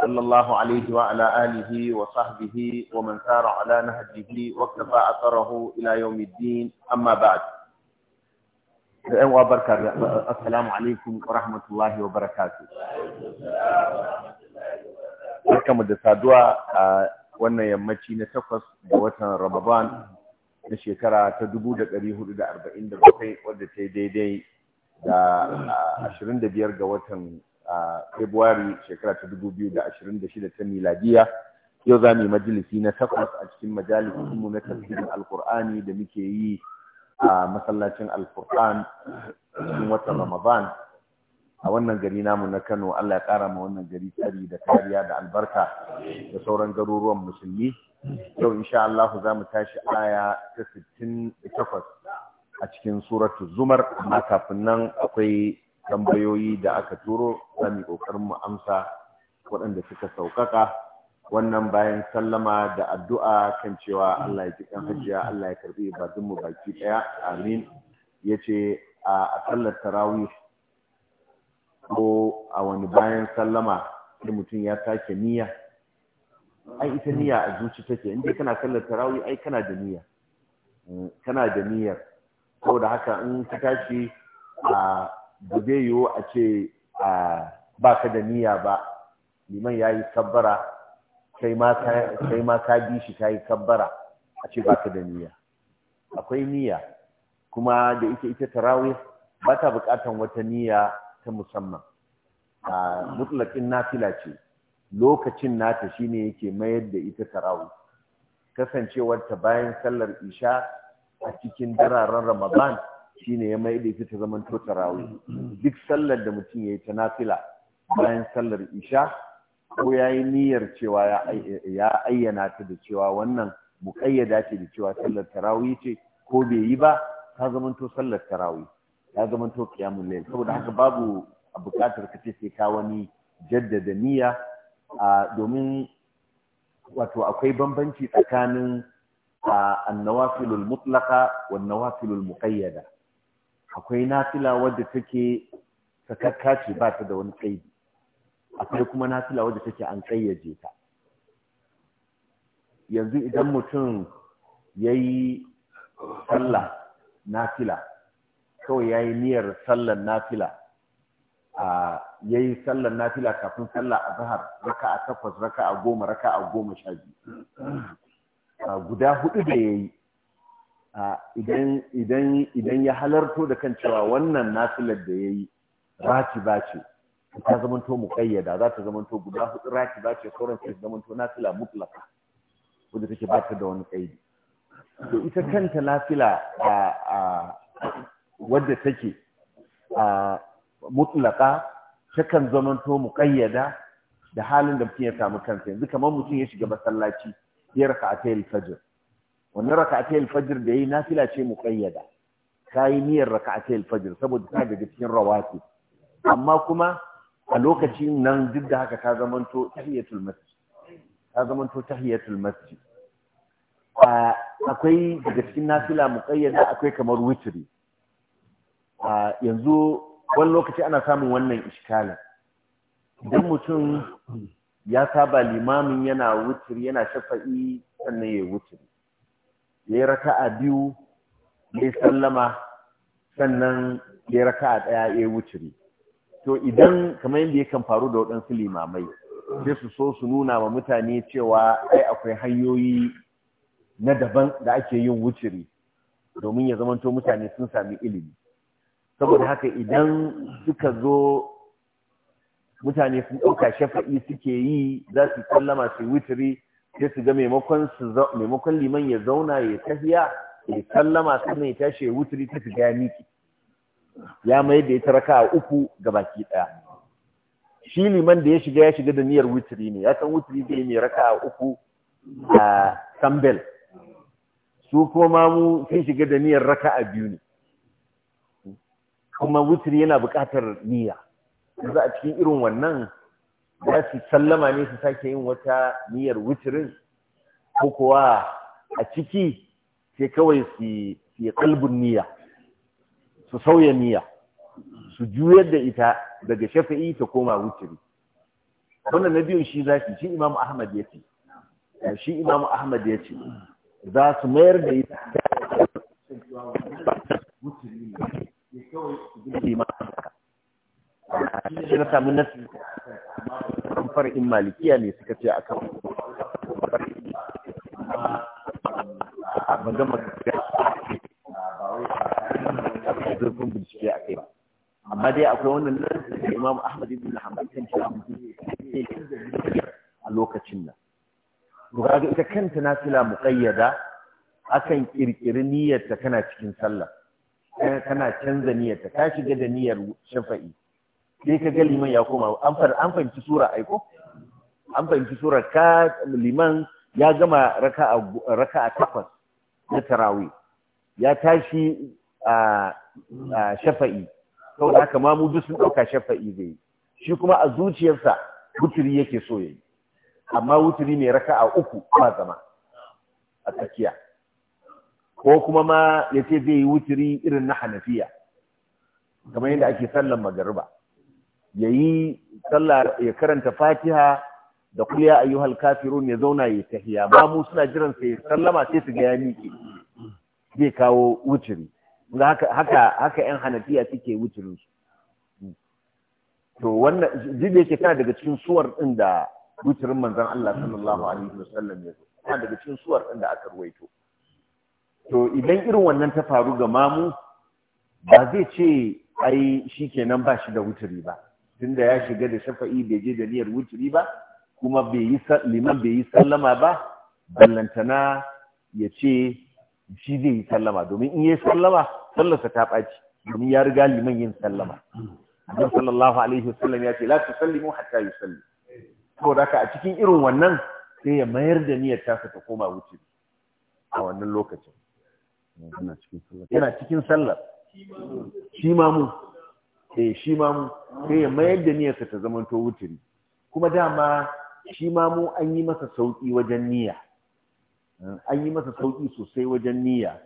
صلى الله عليه وعلى آله وصحبه ومن سار على نهجه واكتفى أثره إلى يوم الدين أما بعد السلام عليكم ورحمة الله وبركاته barkamu da saduwa a wannan yammaci na takwas da watan Ramadan na shekara ta 1447 wadda a Februari shekara ta 2026 ta miladiya yau za mu yi majalisi na takwas a cikin majalisi mu na tafsirin alkur'ani da muke yi a masallacin alkur'an cikin watan ramadan a wannan gari namu na kano allah ya kara ma wannan gari tsari da kariya da albarka da sauran garuruwan musulmi yau insha Allah za mu tashi aya ta 68 a cikin suratu zumar amma kafin nan akwai tambayoyi da aka turo za mu ƙoƙarin mu amsa waɗanda suka sauƙaƙa wannan bayan sallama da addu'a kan cewa Allah ya ji kan hajiya Allah ya karbi ibadun mu baki ɗaya amin yace a sallar tarawih ko a wani bayan sallama sai mutum ya sake niyya ai ita niyya a zuci take inda kana sallar tarawih ai kana da niyya eh, kana da niyyar saboda haka in ka tashi a ba zai yiwu a ce ba ka da niyya ba liman ya yi kabbara kai ma ka bi shi ka yi kabbara a ce ba ka da niyya akwai niyya kuma da ita ita tarawe ba ta bukatan wata niyya ta musamman a mutlaƙin nafila ce lokacin nata shine yake mayar da ita tarawe kasancewarta bayan sallar isha a cikin dararen ramadan shine ya mai da ita ta zaman to tarawih duk sallar da mutum ya yi ta nafila bayan sallar isha ko yayi niyyar cewa ya ayyana ta da cewa wannan muƙayyada ce da cewa sallar tarawih ce ko bai yi ba ta zaman to sallar tarawih ya zaman to qiyamul layl saboda haka babu a buƙatar ka ce sai ka wani jaddada niyya domin wato akwai bambanci tsakanin annawafilul mutlaqa wa nawafilul muqayyada akwai nafila wadda take sakakka ce ba ta da wani tsayi akwai kuma nafila wadda take an tsayyaje ta yanzu idan mutum ya yi sallah nafila kawai ya yi niyyar sallar nafila a ya yi sallar nafila kafin sallah a zahar raka a takwas raka a goma raka a goma sha biyu guda hudu da ya yi idan ya halarto da kan cewa wannan nafilar da ya yi ra'ki ba ce ta zamanto muƙayyada za ta zamanto guda hudu raki ba ce sauran ta zamanto nasila mutlaka wadda take ba ta da wani ƙaidi to ita kanta nafila a wadda take a mutlaka takan zamanto ƙayyada, da halin da mutum ya samu kansa yanzu kamar mutum ya shiga masallaci ya raka a yi fajr wannan raka'atai alfajir da yi nafila ce mu muqayyada kai niyyar raka'atai alfajir saboda ta daga cikin rawati amma kuma a lokacin nan duk da haka ta zamanto tahiyatul masjid ta zamanto tahiyatul masjid akwai daga cikin nafila muqayyada akwai kamar witri yanzu wani lokaci ana samun wannan iskalin idan mutum ya saba limamin yana wutir yana shafa'i sannan ya wutir ya yi raka'a biyu ya sallama sannan ya yi a ɗaya ya yi to idan kamar yadda ya kan faru da waɗansu limamai sai su so su nuna wa mutane cewa ai akwai hanyoyi na daban da ake yin wuciri domin ya zamanto mutane sun sami ilimi saboda haka idan suka zo mutane sun ɗauka shafa'i suke yi za su sallama su yi wuciri sai su ga maimakon liman ya zauna ya tafiya ya sallama sannan ya tashi ya wuturi ta shiga ya miki ya mai da ya raka a uku ga baki ɗaya. shi liman da ya shiga ya shiga da niyyar wuturi ne ya san wuturi zai mai raka a uku a sambel su kuma mu sun shiga da niyyar raka a biyu ne kuma wuturi yana buƙatar niyya yanzu a cikin irin wannan za su sallama ne su sake yin wata niyyar wucirin ko kuwa a ciki sai kawai su yi kalbin niyya su sauya niyya su juyar da ita daga shafi'i ta koma wuturi? wannan na biyun shi za shi imamu ahmad ya ce shi imamu ahmad ya ce za su mayar da ita wutiri ne kawai su gina na samu nasi far'in malikiya ne suka ce akan ban zurfin bincike a kai ba amma dai akwai wannan nan da imam ahmad ibn hanbal kan shi a lokacin nan lura ga ita kanta mu muqayyada akan kirkiri niyyarta kana cikin sallah kana canza ta ka shiga da niyyar shafa'i sai ka ga liman ya koma an fahimci sura aiko an fahimci sura ka liman ya gama raka a takwas na tarawi ya tashi a shafa'i sau da haka mamu duk sun ɗauka shafa'i zai yi shi kuma a zuciyarsa wuturi yake so ya yi amma wuturi mai raka a uku ba zama a tsakiya ko kuma ma ya ce zai yi wuturi irin na hanafiya kamar yadda ake sallan magariba ya yi sallah ya karanta fatiha da kuliya ayyuhal halkafirun ya zauna ya tahiya ba mu suna jiran sai sallama sai su ga ya miƙe zai kawo wuciri haka haka haka yan hanafiya suke wucirin su to wannan jibe yake tana daga cikin suwar din da wucirin manzon Allah sallallahu alaihi wasallam ya zo tana daga cikin suwar din da aka ruwaito to idan irin wannan ta faru ga mamu ba zai ce ai shikenan ba shi da wuturi ba tunda ya shiga da shafa'i bai je da niyyar wuturi ba kuma bai yi liman bai yi sallama ba ballantana ya ce shi zai yi sallama domin in yi sallama sallarsa ta ɓaci domin ya riga liman yin sallama Annabi sallallahu alaihi wasallam ya ce la tusallimu hatta yusalli saboda haka a cikin irin wannan sai ya mayar da niyyar ta ta koma wuturi a wannan lokacin yana cikin sallar shi ma mu eh shi ma mu sai ya mayar da niyyarsa ta zama to wuturi kuma dama shi ma mu an yi masa sauki wajen niyya eh, an yi masa sauki sosai wajen niyya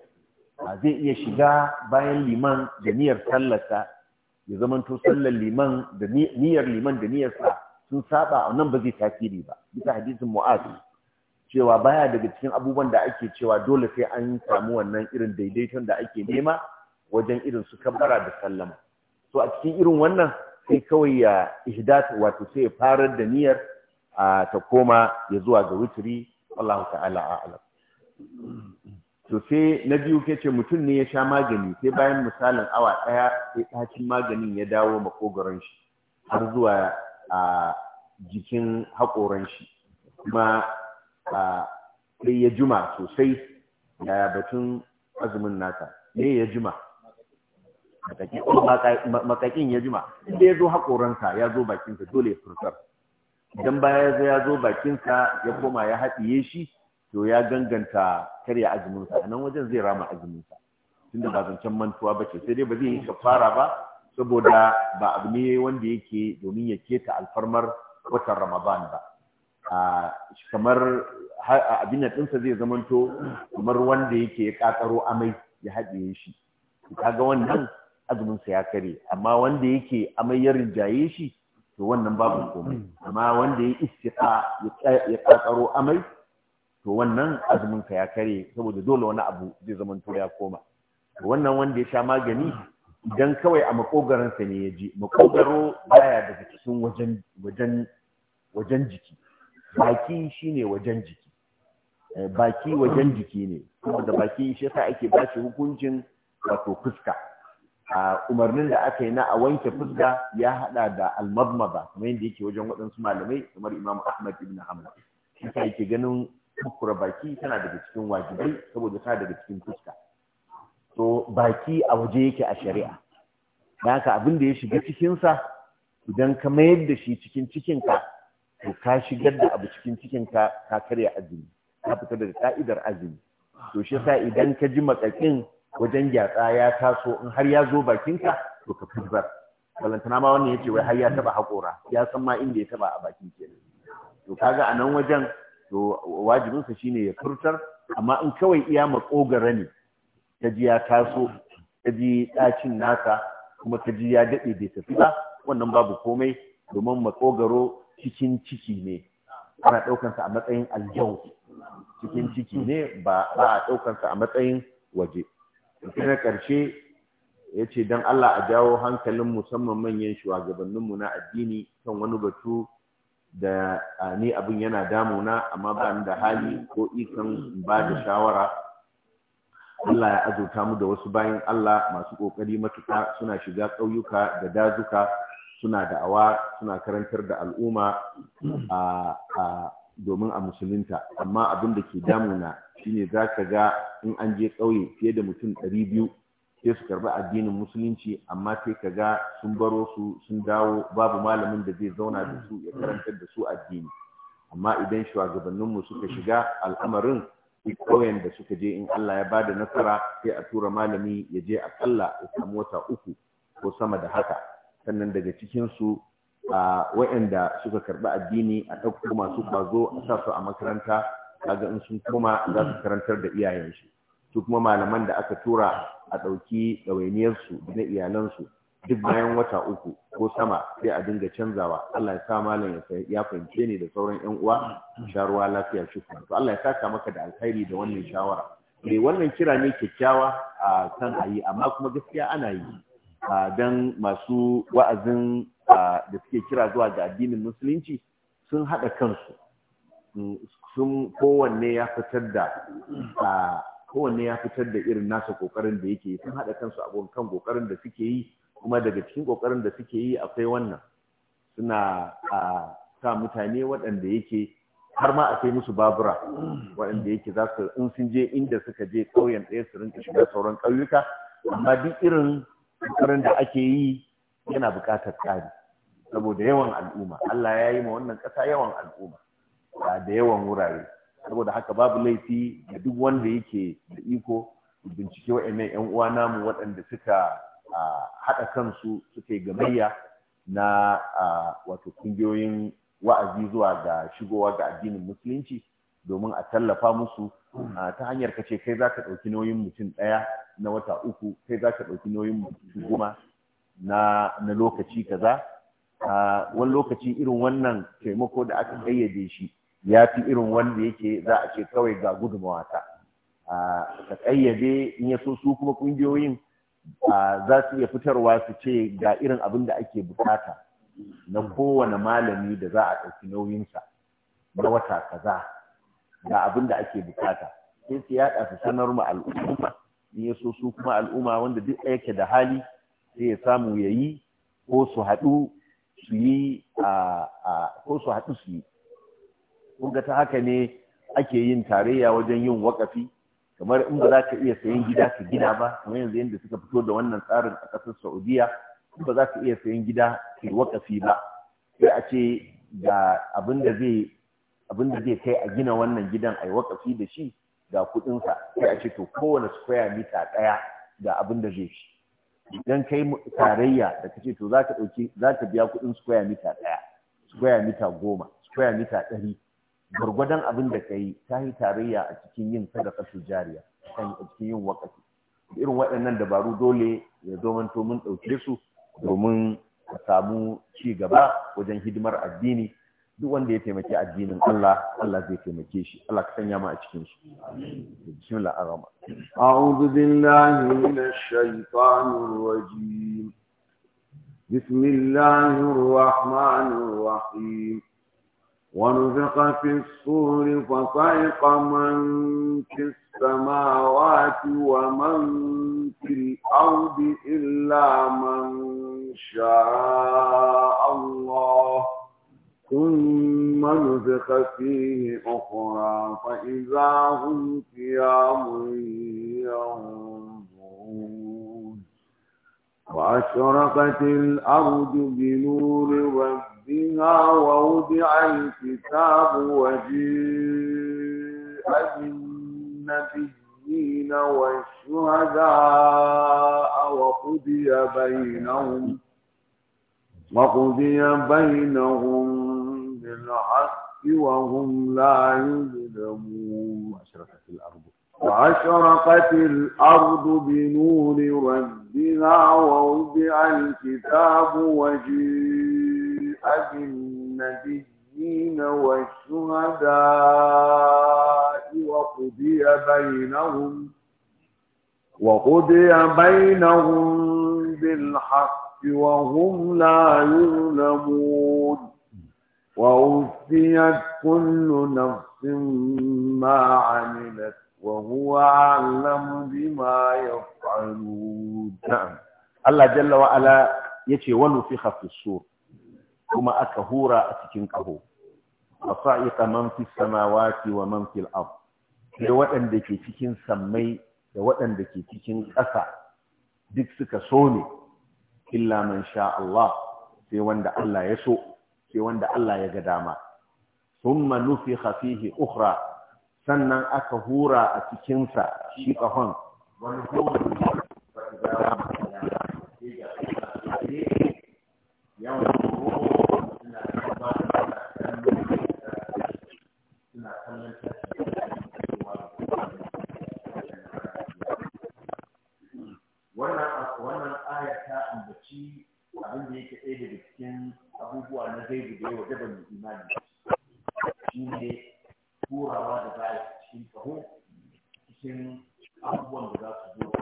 zai iya shiga bayan liman da niyyar sallarsa ya zama to sallar liman da niyyar liman da niyyarsa sun saba a nan ba zai tasiri ba bisa hadisin mu'az cewa baya daga cikin abubuwan da ake cewa dole sai an samu wannan irin daidaiton da ake nema wajen irin su kabbara da sallama to a cikin irin wannan sai kawai ya ihdat wato sai ya farar da niyyar ta koma ya zuwa ga wuturi Allah ta'ala a'lam to sai na biyu ke ce mutum ne ya sha magani sai bayan misalin awa ɗaya sai ɗacin maganin ya dawo makogoron shi har zuwa a jikin haƙoran shi kuma sai ya juma sosai yaya batun azumin nata ne ya juma. makakin ya jima inda ya zo haƙoransa ya zo bakinsa dole ya furtar idan baya ya zo bakinsa ya koma ya haɗiye shi to ya ganganta karya azuminsa a nan wajen zai rama azuminsa tunda ba zancen mantuwa ba ce sai dai ba zai yi kafara ba saboda ba abu ne wanda yake domin ya keta alfarmar watan ramadan ba kamar abin da ɗinsa zai zamanto kamar wanda yake ya ƙaƙaro amai ya haɗiye shi kaga wannan azuminsa ya kare amma wanda yake amai ya rinjaye shi to wannan babu komai amma wanda ya istiqa ya kakaro amai to wannan azuminsa ya kare saboda dole wani abu zai zama to ya koma wannan wanda ya sha magani idan kawai a sa ne ya ji makogaro baya daga cikin wajen wajen wajen jiki baki shine wajen jiki eh, baki wajen jiki ne saboda baki shi yasa ake ba hukuncin wato fuska a umarnin da aka yi na a wanke fuska ya hada da almadmada kamar yadda yake wajen waɗansu malamai kamar Imam Ahmad ibn hamad shi yake ganin kukura baki tana daga cikin wajibai saboda tana daga cikin fuska to baki a waje yake a shari'a na haka abin da ya shiga cikinsa idan ka mayar da shi cikin cikinka to ka shigar da abu cikin cikinka ka karya azumi ka fita daga ka'idar azumi to shi sa idan ka ji makakin wajen gyatsa ya taso in har ya zo bakinka to ka fitar balantana ma wannan yace wai har ya taba haƙora ya san ma inda ya taba a bakin kenan to kaga a nan wajen to wajibin sa shine ya furtar amma in kawai iya makogara ne ta ji ya taso ta ji ɗacin nasa kuma ta ji ya daɗe bai tafi ba wannan babu komai domin makogaro cikin ciki ne ana ɗaukansa a matsayin aljau cikin ciki ne ba a ɗaukansa a matsayin waje sai na ƙarshe ya ce don Allah a jawo hankalin musamman manyan shugabanninmu na addini kan wani batu da ni abin yana damuna amma ba da hali ko ikon ba da shawara Allah ya azurta mu da wasu bayan Allah masu ƙoƙari matuƙa suna shiga ƙauyuka da dazuka suna da'awa suna karantar da al'umma domin a musulunta amma abin da ke damuna shine za ka ga in an je ƙauye fiye da mutum ɗari biyu sai su karɓi addinin musulunci amma sai ka ga sun baro su sun dawo babu malamin da zai zauna da su ya karantar da su addini amma idan shugabanninmu suka shiga al'amarin ƙauyen da suka je in Allah ya ba da nasara sai a tura malami ya je aƙalla ya samu wata uku ko sama da haka sannan daga cikinsu a wa'anda suka karɓi addini a ɗauko masu kwazo a sa su a makaranta kaga in sun koma za su karantar da iyayensu su kuma malaman da aka tura a ɗauki ɗawainiyarsu da na iyalansu duk bayan wata uku ko sama sai a dinga canzawa Allah ya sa malam ya fahimce ni da sauran 'yan uwa sharuwa lafiya shukran to Allah ya saka maka da alkhairi da wannan shawara me eh, wannan kira ne kyakkyawa a san ayi. amma kuma gaskiya ana yi don masu wa'azin da suke kira zuwa ga addinin musulunci sun haɗa kansu mm, sun kowanne ya fitar da kowanne ya fitar da irin nasa kokarin da yake sun haɗa kansu a kan kokarin da suke yi kuma daga cikin kokarin da suke yi akwai wannan suna a sa mutane waɗanda yake har ma a kai musu babura waɗanda yake za su in sun je inda suka je ƙauyen ɗaya su rinka shiga sauran ƙauyuka amma duk irin kokarin da ake yi yana buƙatar tsari saboda yawan al'umma Allah ya yi ma wannan ƙasa yawan al'umma da yawan wurare saboda haka babu laifi ga duk wanda yake da iko bincike wa'annan yan uwa namu waɗanda suka haɗa kansu suka yi gamayya na wato kungiyoyin wa'azi zuwa ga shigowa ga addinin musulunci domin a tallafa musu ta hanyar kace kai za ka ɗauki nauyin mutum ɗaya na wata uku kai za ka ɗauki nauyin mutum goma na lokaci kaza wani lokaci irin wannan taimako da aka ƙayyade shi ya fi irin wanda yake za a ce kawai ga gudunmawa ta ka ƙayyade in ya so su kuma ƙungiyoyin. za su iya fitarwa su ce ga irin abin da ake bukata na kowane malami da za a ɗauki nauyinsa na wata kaza ga abin da ake bukata sai su yaɗa su sanar mu al'umma in ya so su kuma al'umma wanda duk yake da hali sai ya samu ya yi ko su haɗu su yi ko su haɗu su yi kun ta haka ne ake yin tarayya wajen yin wakafi kamar in ba za ka iya sayan gida ka gina ba kamar yanzu yadda suka fito da wannan tsarin a ƙasar Saudiya in ba za ka iya sayan gida ka wakafi ba sai a ce ga abinda zai abin zai kai a gina wannan gidan a yi wakafi da shi ga kuɗinsa sai a ce to kowane square mita ɗaya ga abin zai shi idan kai tarayya da ka ce to za ka ɗauki za ka biya kuɗin square mita ɗaya square mita goma square mita ɗari gurgwadan abin da kai ta yi tarayya a cikin yin sadaka jariya a cikin yin wakafi irin waɗannan dabaru dole ya to mun ɗauke su domin a samu ci gaba wajen hidimar addini duk wanda ya taimaki addinin Allah Allah zai taimake shi Allah ka sanya mu a cikin shi bismillah arama a'udhu billahi minash shaitanir rajim bismillahir rahmanir rahim ونفق في الصور فصعق من في السماوات ومن في الأرض إلا من شاء الله ثم نفخ فيه أخرى فإذا هم قيام ينظرون وأشرقت الأرض بنور ربها ربها ووضع الكتاب وجيء بالنبيين والشهداء وقضي بينهم وقضي بينهم بالحق وهم لا يظلمون وأشرقت الأرض وأشرقت الأرض بنور ربها ووضع الكتاب وجيء بالنبيين والشهداء وقضي بينهم وقضي بينهم بالحق وهم لا يظلمون وأوفيت كل نفس ما عملت وهو أعلم بما يفعلون نعم الله جل وعلا يتي ونفخ في الصور kuma aka hura a cikin ƙaho fasa'iqa man fi samawati wa man fil ard sai waɗanda ke cikin sammai da waɗanda ke cikin ƙasa duk suka so ne illa man sha Allah sai wanda Allah ya so sai wanda Allah ya ga dama sun manufi hafihi ukhra sannan aka hura a cikinsa shi kahon wani yawan shi ne turawa da baya cikin taho cikin abubuwan da za su zo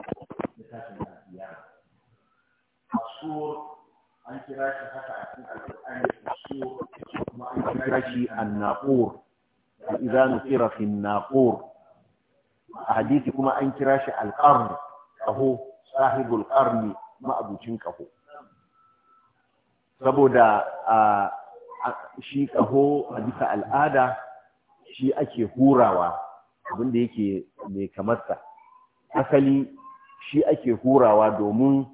da tashin lafiya asur an kira shi haka a cikin al'adun asur kuma an kira shi na'ur. idza nukira fi na'ur. a hadisi kuma an kira shi alƙarni, ƙaho, sahibul ƙarni, ma'abucin ƙaho. saboda a ah, shi kaho a bisa al'ada shi ake hurawa abinda yake mai kamarsa asali shi ake hurawa domin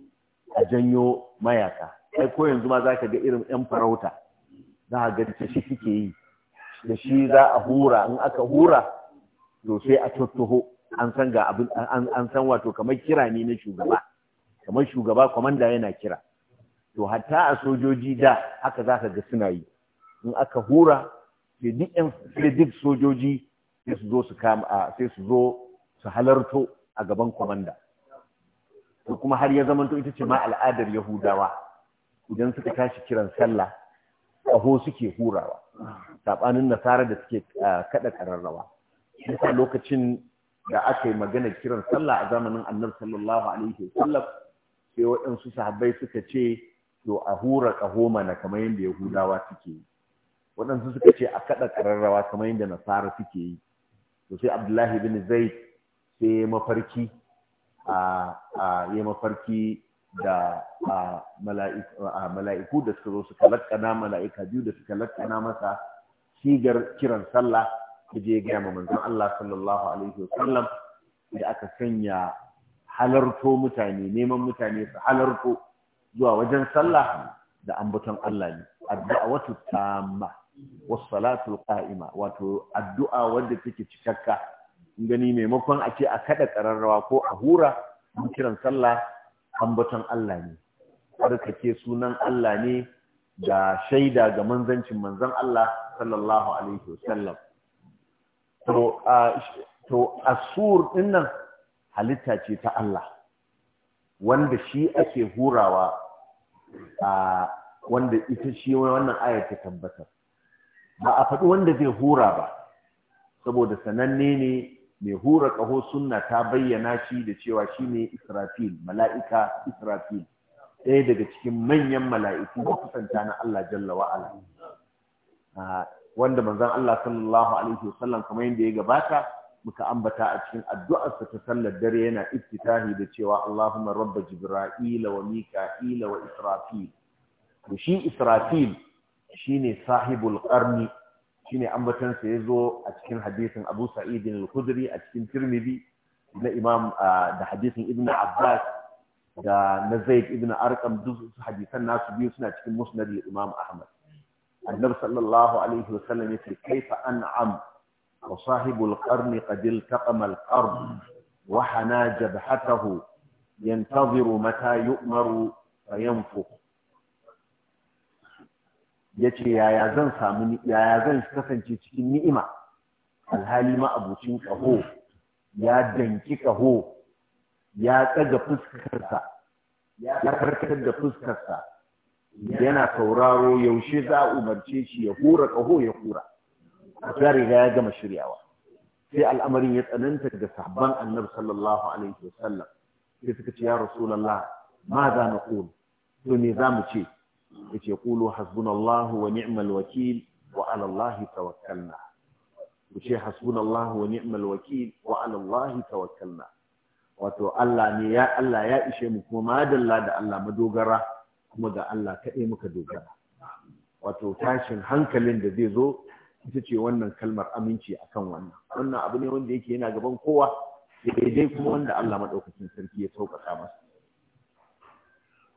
a janyo mayaka Sai ko yanzu ma za ka ga irin 'yan farauta za a ga da shi suke yi da shi za a hura in aka hura to sai a tattaho an san ga abin an san wato kamar kira ne na shugaba kamar shugaba kwamanda yana kira to hatta a sojoji da haka za ka ga suna yi in aka hura sai duk sojoji sai su zo su kama sai su zo su halarto a gaban kwamanda to kuma har ya zamanto ita ce ma al'adar yahudawa idan suka tashi kiran sallah ƙaho suke hurawa sabanin nasara da suke kaɗa ƙararrawa yasa lokacin da aka yi magana kiran sallah a zamanin annabi sallallahu alaihi wasallam sai waɗansu sahabbai suka ce to a hura ƙaho mana kamar yadda yahudawa suke yi waɗansu suka ce a kaɗa ƙararrawa kamar yadda nasara suke yi to sai abdullahi bin zaid sai ya mafarki a ya mafarki da mala'iku da suka zo su kalakana mala'ika biyu da suka lakana masa shigar kiran sallah ta je gaya ma manzon Allah sallallahu alaihi wasallam da aka sanya halarto mutane neman mutane su halarto zuwa wajen sallah da ambaton Allah ne addu'a wata tamma wasalatul qa'ima wato addu'a wanda take cikakka in gani maimakon a ce a kada kararrawa ko a hura mun kiran sallah ambaton Allah ne barkake sunan Allah ne da shaida ga manzancin manzon Allah sallallahu alaihi wasallam to to asur dinnan halitta ce ta Allah wanda shi ake hurawa wanda ita shi wannan ayar ta tabbatar ba a faɗi wanda zai hura ba saboda sananne ne mai hura ƙaho sunna ta bayyana shi da cewa shi ne israfil mala'ika israfil ɗaya daga cikin manyan mala'iku da kusanta na Allah jalla wa'ala ah, wanda manzon Allah sallallahu alaihi wasallam kamar yadda ya gabata muka ambata a cikin addu'arsa ta sallar dare yana iftitahi da cewa Allahumma rabba jibra'ila wa mika'ila wa israfil to shi israfil shine sahibul Shi shine ambatan ya zo a cikin hadisin Abu Sa'id al-Khudri a cikin Tirmidhi na Imam da hadisin Ibn Abbas da na Zaid ibn Arqam duk hadisan nasu biyu suna cikin Musnad Imam Ahmad Annabi sallallahu alaihi wasallam yace kaifa an'am wa sahibul qarni qad iltaqama al-qarn wa hana jabhatahu ينتظر متى يؤمر فينفخ yace yaya zan samu yaya zan kasance cikin ni'ima alhali ma abucin kaho ya danki kaho ya tsaga fuskarsa ya farkar da fuskarsa yana sauraro yaushe za a umarce shi ya hura kaho ya hura ya riga ya gama shiryawa sai al'amarin ya tsananta da sahabban annabi sallallahu alaihi wasallam sai suka ce ya rasulullah ma za mu to me za mu ce yace Kulu: hasbunallahu wa ni'mal wakil wa 'ala allahi tawakkalna yace hasbunallahu wa ni'mal wakil wa 'ala allahi tawakkalna wato Allah ne ya Allah ya ishe mu kuma madalla da Allah madogara kuma ga Allah kaɗai muka dogara wato tashin hankalin da zai zo ita ce wannan kalmar aminci akan wannan wannan abu ne wanda yake yana gaban kowa daidai kuma wanda Allah maɗaukakin sarki ya saukaka masa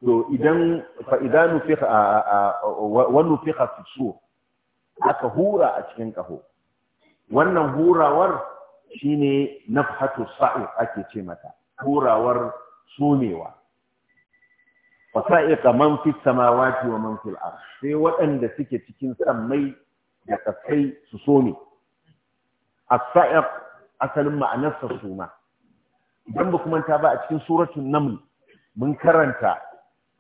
to idan fa idan a wani nufiha fi so aka hura a cikin kaho wannan hurawar shine nafhatu sa'u ake ce mata hurawar sumewa fasa'iqa man fi samawati wa man fil sai waɗanda suke cikin sammai da ƙasai su some as asalin ma'anarsa suma idan ba kuma ta ba a cikin suratun namun mun karanta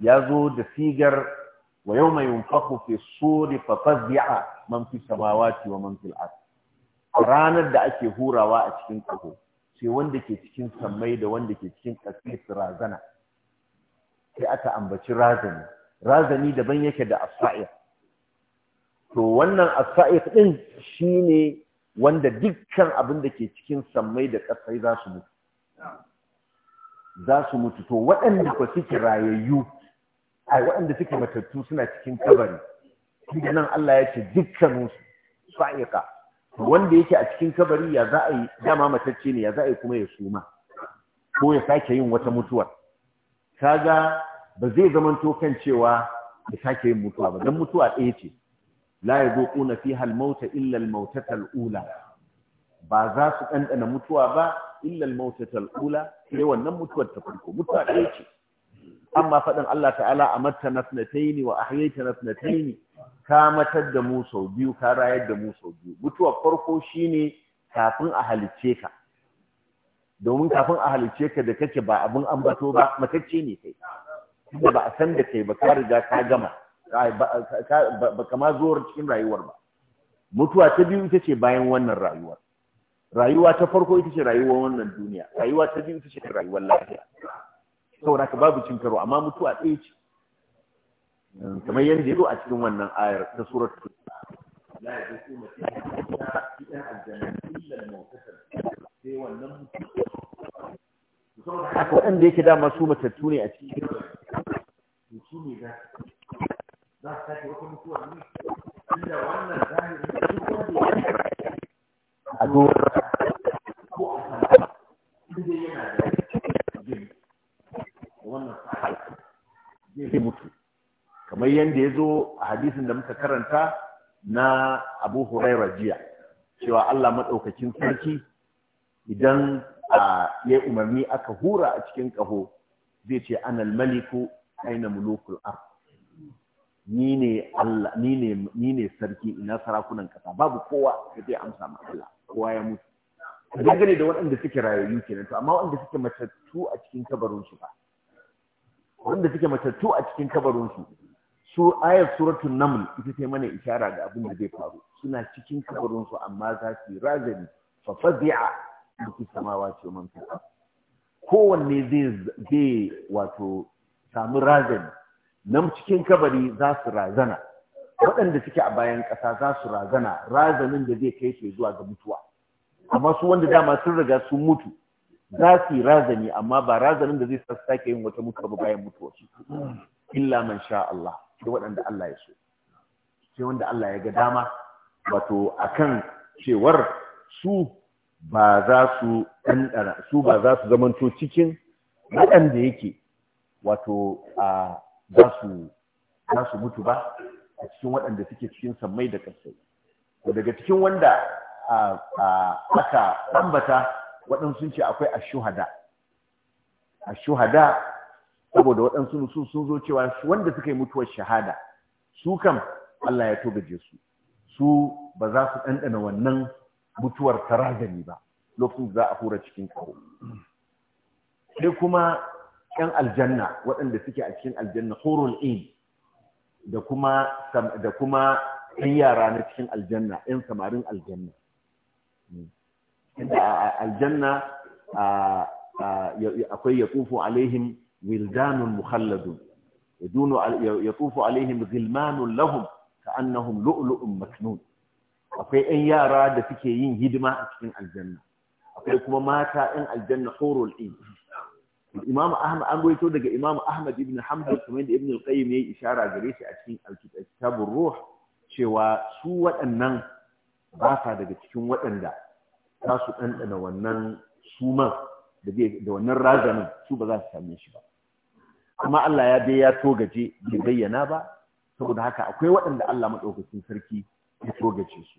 ya zo da sigar wa yau mai yunfaku fi suri fafazzi'a man fi samawati wa man fil ranar da ake hurawa a cikin kaho sai wanda ke cikin sammai da wanda ke cikin ƙasai su razana sai aka ambaci razani razani daban yake da asa'ir to wannan asa'ir ɗin shine wanda dukkan abin da ke cikin sammai da ƙasai za su mutu za su mutu to waɗanda ba suke rayayyu a waɗanda suke matattu suna cikin kabari inda nan Allah ya ce dukkaninsu sa'iqa wanda yake a cikin kabari ya za a yi dama matacce ne ya za a yi kuma ya suma ko ya sake yin wata mutuwar kaga ba zai zamanto kan cewa ya sake yin mutuwa ba dan mutuwa ɗaya ce la ya fiha al fi illa al ula ba za su ɗanɗana mutuwa ba illal mautatal ula sai wannan mutuwar ta farko mutuwa ɗaya ce amma faɗin Allah ta'ala a matta na sinataini wa ahiyaita na sinataini ka matar da mu sau biyu ka rayar da mu sau biyu mutuwar farko shine kafin a halicce ka domin kafin a halicce ka da kake ba abin ambato ba matacce ne kai Kuma ba a san da kai ba ka riga ka gama ba kama zuwar cikin rayuwar ba mutuwa ta biyu ita ce bayan wannan rayuwar rayuwa ta farko ita ce rayuwar wannan duniya rayuwa ta biyu ita ce rayuwar lafiya saboda ka babu cin karo amma mutuwa ɗaya ce kamar yadda ya zo a cikin wannan ayar ta surat la yaqumu illa aljanna illa al-mawtasal sai wannan mutuwa haka wanda yake dama su matattu ne a cikin su ne za za su sake wata mutuwa ne inda wannan zahirin duk wanda ya a doron zai mutu kamar yadda ya zo a hadisin da muka karanta na abu huraira jiya cewa allah maɗaukakin sarki idan ya umarni aka hura a cikin ƙaho zai ce anal maliku aina mulukul ar ni ne ni ne sarki ina sarakunan ƙasa babu kowa da zai amsa ma kowa ya mutu dangane da waɗanda suke rayayyu kenan to amma waɗanda suke matattu a cikin kabarin su ba wanda suke matattu a cikin kabarinsu su ayar suratun naml ita ce mana ishara ga abin da zai faru suna cikin kabarinsu amma za su yi razani fa fazi'a duki samawa ce man kowanne zai zai wato sami razani nan cikin kabari za su razana waɗanda suke a bayan ƙasa za su razana razanin da zai kai su zuwa ga mutuwa amma su wanda dama sun riga sun mutu za su yi razani amma ba razanin da zai sake yin wata mutuwa ba bayan mutuwa su illa man sha Allah sai waɗanda Allah ya so sai wanda Allah ya ga dama wato akan cewar su ba za su ɗanɗana su ba za su zamanto cikin waɗanda yake wato a za su za su mutu ba a cikin waɗanda suke cikin sammai da ƙasai daga cikin wanda a aka ambata waɗansu sun ce akwai ashuhada ashuhada saboda waɗansu su sun zo cewa wanda suka yi mutuwar shahada su kam Allah ya je su su ba za su ɗanɗana wannan mutuwar tarazani ba lokacin za a hura cikin kawo sai kuma 'yan aljanna waɗanda suke a cikin aljanna horon in da kuma da kuma 'yan yara na cikin aljanna 'yan samarin aljanna aljanna akwai ya tsufu alaihim wildanun mukhalladun ya tsufu alaihim gilmanun lahum ka'annahum lu'lu'un maknun akwai 'yan yara da suke yin hidima a cikin aljanna akwai kuma mata 'yan aljanna horul in imam ahmad an goyito daga imam ahmad ibn hanbal kuma da ibn al-qayyim yayi ishara gare shi a cikin al-kitabur ruh cewa su waɗannan ba sa daga cikin waɗanda za su ɗanɗana wannan suman da wannan razanin su ba za su same shi ba Kuma Allah ya dai ya togaje bai bayyana ba saboda haka akwai waɗanda Allah maɗaukacin sarki ya togace su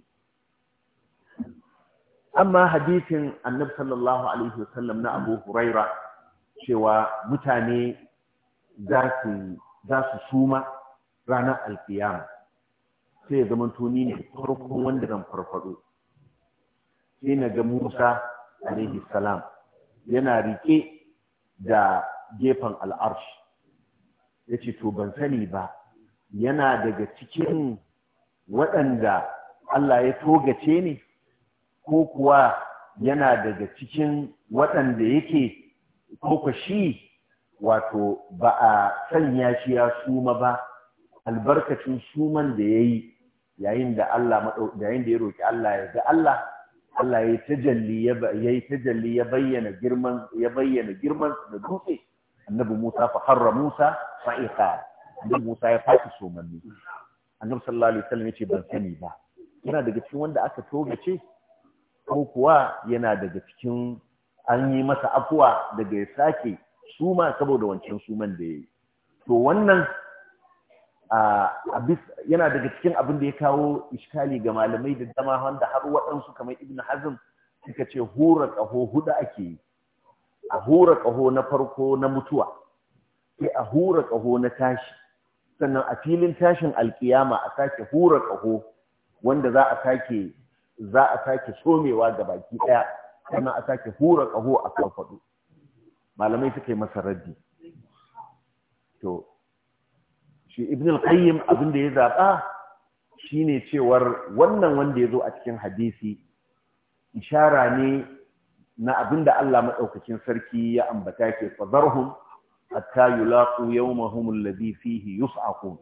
amma hadisin annabi sallallahu alaihi sallam na Abu Huraira cewa mutane za su suma ranar alkiyama sai ya zama tuni ne farkon wanda zan farfado sai na ga Musa alaihi salam yana rike da gefen al'arsh ya ce to ban sani ba yana daga cikin waɗanda Allah ya togace ni? ko kuwa yana daga cikin waɗanda yake ko shi wato ba a sanya shi ya suma ba albarkacin suman da ya yi yayin da Allah yayin da ya roƙi Allah ya ga Allah Allah ya tajalli ya yi tajalli ya bayyana girman ya bayyana girman da dutse annabi Musa fa harra Musa fa iqa annabi Musa ya fashi somanni annabi sallallahu alaihi wasallam yace ban sani ba yana daga cikin wanda aka ce, ko kuwa yana daga cikin an yi masa afuwa daga ya sake suma saboda wancan suman da yayi to wannan yana daga cikin abin da ya kawo iskali ga malamai da dama wanda har waɗansu kamar ibn hazm suka ce hura ƙaho huɗu ake yi a hura ƙaho na farko na mutuwa sai a hura ƙaho na tashi sannan a filin tashin alƙiyama a sake hura ƙaho wanda za a sake za a sake somewa ga baki ɗaya sannan a sake hura ƙaho a farfaɗo malamai suka yi masa raddi to shi ibn al-qayyim abin da ya zaba shine cewar wannan wanda yazo a cikin hadisi ishara ne na abin da Allah madaukakin sarki ya ambata ke fadarhum hatta yulaqu yawmahum alladhi fihi yus'aqun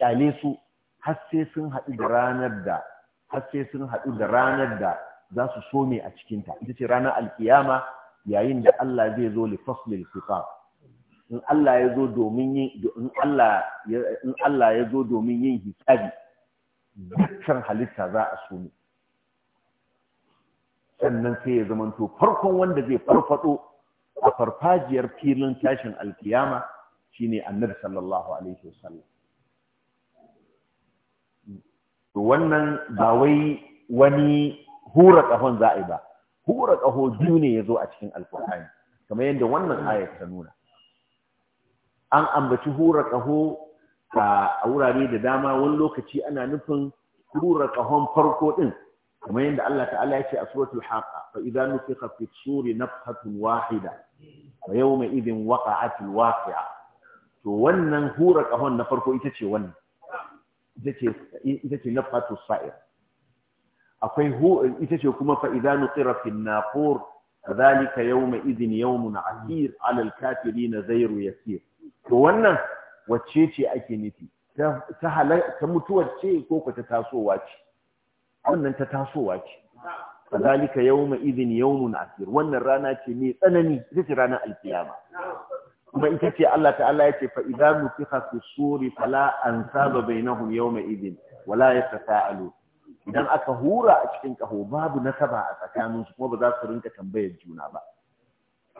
kyale su har sai sun haɗu da ranar da har sai sun da ranar da za su some a cikinta ita ce ranar alkiyama yayin da Allah zai zo li faslil fiqaq in Allah ya zo domin yin in hisabi dukkan halitta za a so ne sannan sai ya zamanto farkon wanda zai farfado a farfajiyar filin tashin alkiyama shine annabi sallallahu alaihi wasallam to wannan ba wai wani hura ƙahon za a yi ba hura ƙaho biyu ne ya zo a cikin alkur'ani kamar yadda wannan ayat ta nuna an ambaci hura ƙaho a wurare da dama wani lokaci ana nufin hura ƙahon farko ɗin kamar yadda Allah ta'ala ya ce a suratul haqa fa idza nufiqa fi suri nafhatun wahida fa yawma idhin waqa'atil waqi'a to wannan hura ƙahon na farko ita ce wannan ita ce ita ce nafhatus sa'ir akwai ita ce kuma fa idza nuqira fi an-naqur kadhalika yawma idhin yawmun 'asir 'ala al-kafirin zayru to wannan wacce ce ake nufi ta ta mutuwar ce ko ta tasowa ce wannan ta tasowa ce kazalika yawma idhin yawmun asir wannan rana ce mai tsanani ita ce ranar alkiyama kuma ita ce Allah ta'ala ya ce fa idza nutiha fi suri fala ansaba Yau yawma idhin wala yatasaalu idan aka hura a cikin kaho babu nasaba a tsakaninsu kuma ba za su rinka tambayar juna ba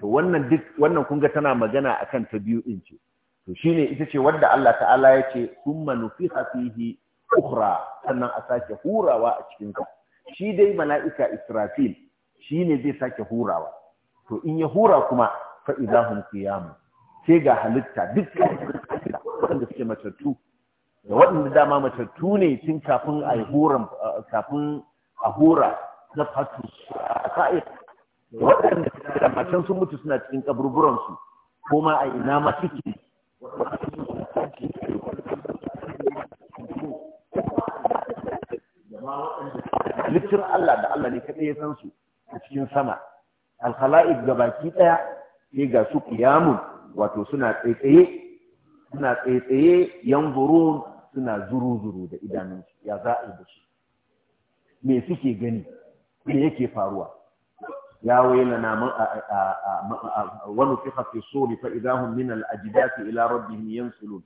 to wannan duk wannan kun ga tana magana akan ta biyu din ce to shine ita ce wanda Allah ta'ala ya ce summa nufiha fihi ukhra sannan a sake hurawa a cikin ka shi dai mala'ika Israfil shine zai sake hurawa to in ya hura kuma fa idahum qiyam sai ga halitta duk wanda suke matattu da waɗanda dama matattu ne tun kafin a hura kafin a hura na fatu sa'id waɗanda kafir amma can sun mutu suna cikin kaburburansu ko ma a ina ma suke littar Allah da Allah ne kaɗai ya san su a cikin sama alhala'i ga baki ɗaya sai ga su kiyamun wato suna tsaitsaye suna tsaitsaye yanzurun suna zuru-zuru da idanunsu ya za a yi da shi me suke gani me yake faruwa يا ويلنا ونفخ في الصور فإذا هم من الأجداث إلى ربهم ينسلون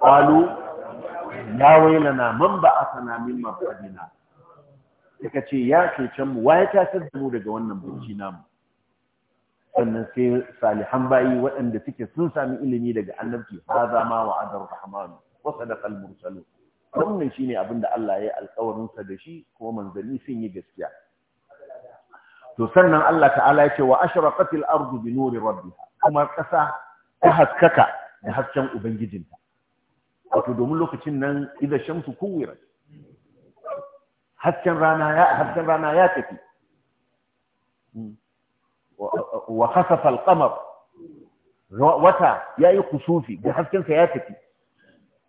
قالوا يا ويلنا من بعثنا من مرقدنا suka ce ya cece mu waye ta san mu daga wannan bincin namu sannan sai salihan bayi waɗanda suke sun sami ilimi daga annabci hadha ma wa ar-rahman wa sadaqa al wannan shine abinda Allah ya yi alƙawarin da shi kuma manzanni sun yi gaskiya to sannan Allah ta'ala ya ce wa ashraqatil ardu bi nuri rabbiha kuma kasa ta haskaka da hasken ubangijinta wato domin lokacin nan idan shamsu kuwirat hasken rana ya hasken rana ya tafi wa khasafa al-qamar wata yi kusufi da hasken sa ya tafi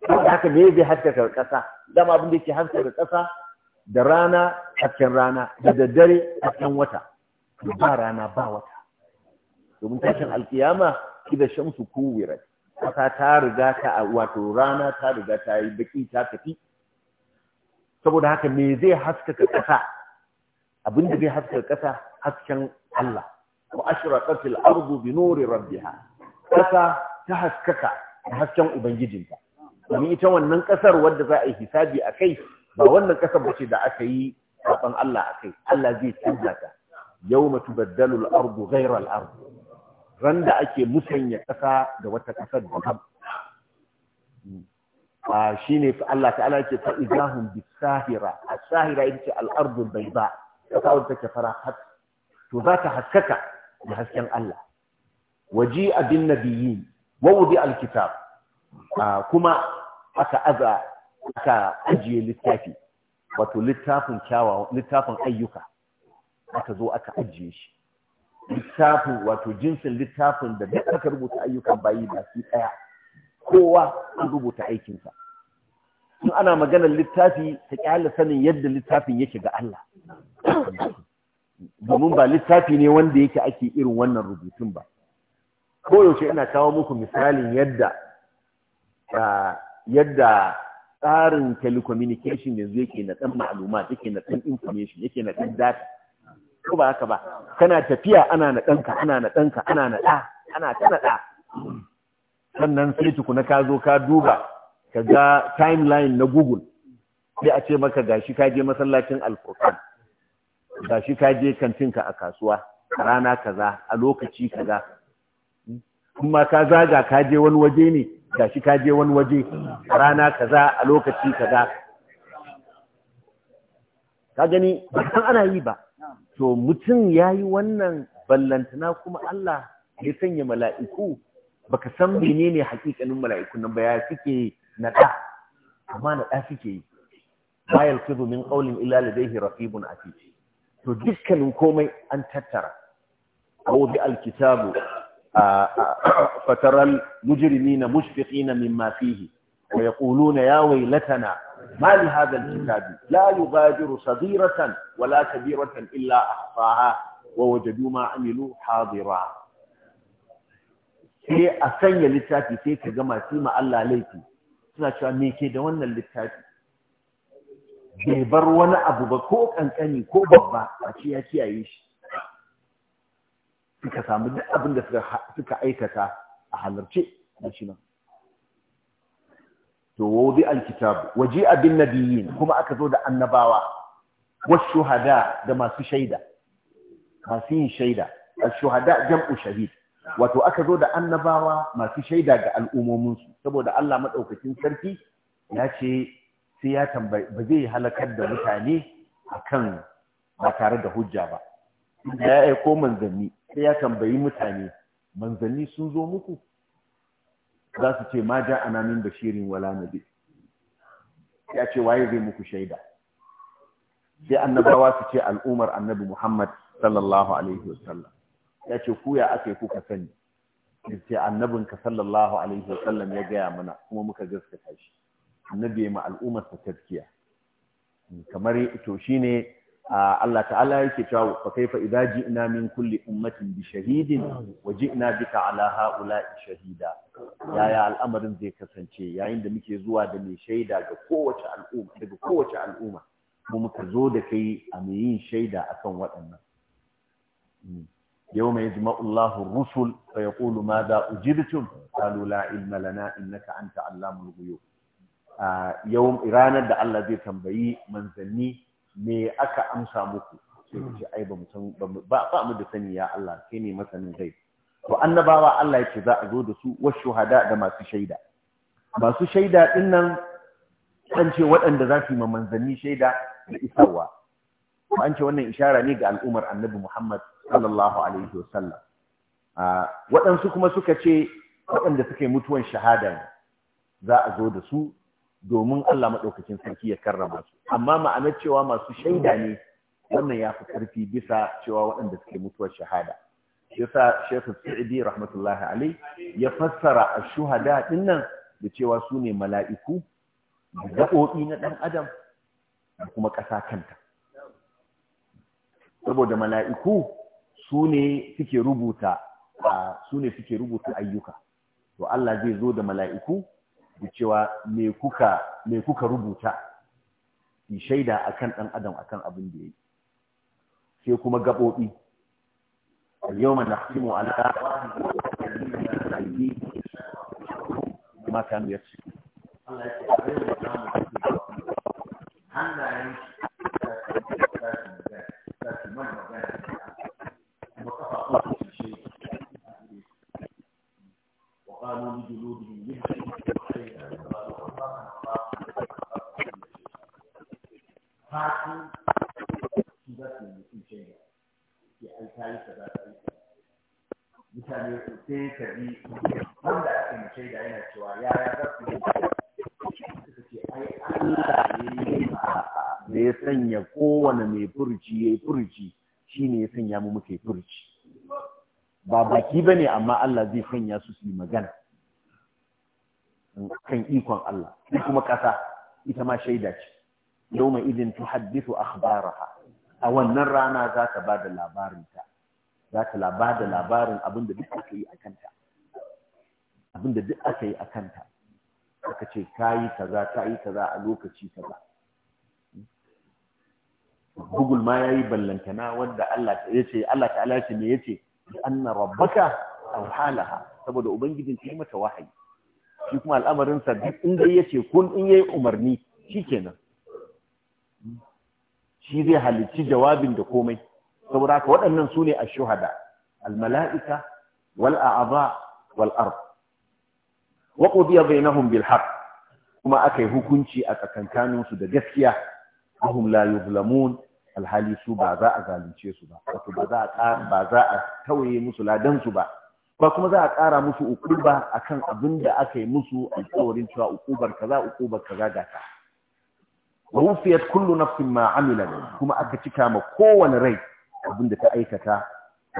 haka ne bai haskaka kasa dama abin da yake haskaka kasa da rana hasken rana da daddare hasken wata ba rana ba wata domin tashin alkiyama kida shamsu kuwirat kasa ta riga ta wato rana ta riga ta yi baki ta tafi saboda haka me zai haskaka kasa abin da zai haskaka kasa hasken Allah wa ashraqatil ardu bi nuri rabbiha kasa ta haskaka da hasken ubangijinta domin ita wannan kasar wadda za a yi hisabi a kai ba wannan kasar bace da aka yi saban Allah a kai Allah zai canza ta Yau matu al-ardu ghayra al ran da ake musanya ƙasa da wata kasar daban a ah, shine Allah ta'ala yake fa idahum bis-sahira as-sahira yace al-ardu al-bayda kasa ke fara farahat to za ta haskaka da hasken Allah waji abin nabiyyin wa wudi al-kitab ah, kuma aka aza aka ajiye littafi wato littafin kyawawan littafin ayyuka aka zo aka ajiye shi littafin wato jinsin littafin da duk aka rubuta ayyukan bayi ba su ɗaya kowa an rubuta aikinsa in ana maganar littafi ta kyala sanin yadda littafin yake ga Allah domin ba littafi ne wanda yake ake irin wannan rubutun ba koyaushe ina kawo muku misalin yadda yadda tsarin telecommunication yanzu yake na ɗan ma'aluma yake na ɗan information yake na ɗan data ko ba haka ba kana tafiya ana na ɗanka ana na ɗanka ana na ɗa ana ta na ɗa sannan sai tukuna ka zo ka duba ka ga timeline na google sai a ce maka gashi ka je masallacin alfurkan gashi ka je ka a kasuwa a rana kaza a lokaci kaza kuma ka zaga ka je wani waje ne gashi ka je wani waje a rana kaza a lokaci kaza ka gani ba ana yi ba to mutum ya yi wannan ballantana kuma Allah ya sanya mala'iku baka san menene hakikanin mala'iku nan ba ya suke naɗa amma naɗa suke yi ba yalfizu min qawlin illa ladayhi raqibun atid to dukkanin komai an tattara A bi alkitabu fataral na mushfiqina mimma fihi ƙulu na ya latana ما لهذا الكتاب لا يغادر صغيرة ولا كبيرة إلا أحصاها ووجدوا ما عملوا حاضرا sai a sanya littafi sai ka gama sai ma Allah laifi suna cewa me ke da wannan littafi bai bar wani abu ba ko kankani ko babba a ce ya kiyaye shi suka samu duk abin da suka aikata a halarci. da to wudi alkitab a abin nabiyyin kuma aka zo da annabawa washuhada da masu shaida masu yin shaida ashuhada jam'u shahid wato aka zo da annabawa masu shaida ga al'ummomin su saboda Allah madaukakin sarki ya ce sai ya tambayi ba zai halakar da mutane akan ba tare da hujja ba ya aiko manzanni sai ya tambayi mutane manzanni sun zo muku za su ce ma ja ana min bashirin wala nabi ya ce waye zai muku shaida sai annabawa su ce al'umar annabi Muhammad sallallahu alaihi wasallam ya ce ku ya aka kuka sani ya ce ka sallallahu alaihi wasallam ya gaya mana kuma muka gaskata shi annabi ya ma al'ummar ta taskiya kamar to shine Allah ta'ala yake cewa fa kaifa idza ji'na min kulli ummatin bi shahidin wa ji'na bika ala ha'ula'i shahida yaya al'amarin zai kasance yayin da muke zuwa da mai shaida ga kowace al'umma daga kowace al'umma mu muka zo da kai a mai yin shaida akan waɗannan yawma yajma'u Allahu ar-rusul fa yaqulu madha ujibtum qalu la ilma lana innaka anta allamul ghuyub Yau, ranar da Allah zai tambayi manzanni me aka amsa muku sai ku ce ai ba mu san ba ba mu da sani ya Allah sai ne masanin zai to annabawa Allah yake za a zo da su wa shuhada da masu shaida masu shaida din nan an ce waɗanda za su yi ma manzanni shaida da isarwa an ce wannan ishara ne ga al'ummar annabi Muhammad sallallahu alaihi wasallam waɗansu kuma suka ce waɗanda suka yi mutuwan shahada za a zo da su domin Allah maɗaukacin sarki ya karrama su amma ma'anar cewa masu shaida ne wannan ya fi ƙarfi bisa cewa waɗanda suke mutuwar shahada yasa Shekhu Sa'idi rahmatullahi alai ya fassara a shuhada ɗin nan da cewa su ne mala'iku da gaɓoɓi na ɗan adam da kuma ƙasa kanta saboda mala'iku su su ne suke rubuta ayyuka to Allah zai zo da mala'iku da cewa me kuka me kuka rubuta ki shaida akan dan adam akan abin da yake sai kuma gabobi al-yawma nahtimu ala ma kan yasu Allah ya tsare mu da mu hannayen za su yi mutum ke ai ta yi kaza ta mutane sai ka bi wanda aka mace da yana cewa yaya za su suka ce ai Allah ne ya sanya kowane mai furci ya yi furci shi ne ya sanya mu muke furci ba baki ba ne amma Allah zai sanya su su yi magana kan ikon Allah kuma ƙasa ita ma shaida ce yau mai idin tuhaddisu akhbaraha a wannan rana za ta ba da labarinta za ta ba da labarin abinda duk aka yi a kanta abinda duk aka yi a kanta aka ce ka yi za, ta yi za a lokaci za. Google ma ya yi ballantana wanda Allah ya ce Allah ta'ala ce me yace anna rabbaka awhalaha saboda ubangijin ta mata wahayi shi kuma al'amarin sa duk inda yace kun in yayi umarni shi kenan shi zai halicci jawabin da komai saboda haka waɗannan su ne a shuhada almala'ika malaika a'aba wal'ar. Waƙo wa qudiya bainahum bil haqq kuma yi hukunci a tsakankanin da gaskiya ahum la yuzlamun alhali su ba za a zalunce su ba wato ba za a ba za a tawaye musu ladan su ba ba kuma za a ƙara musu ukuba akan abin da aka yi musu alƙawarin cewa ukubar kaza ukubar kaza ga wa wufiyat kullu nafsin ma amilat kuma aka cika ma kowane rai abinda ta aikata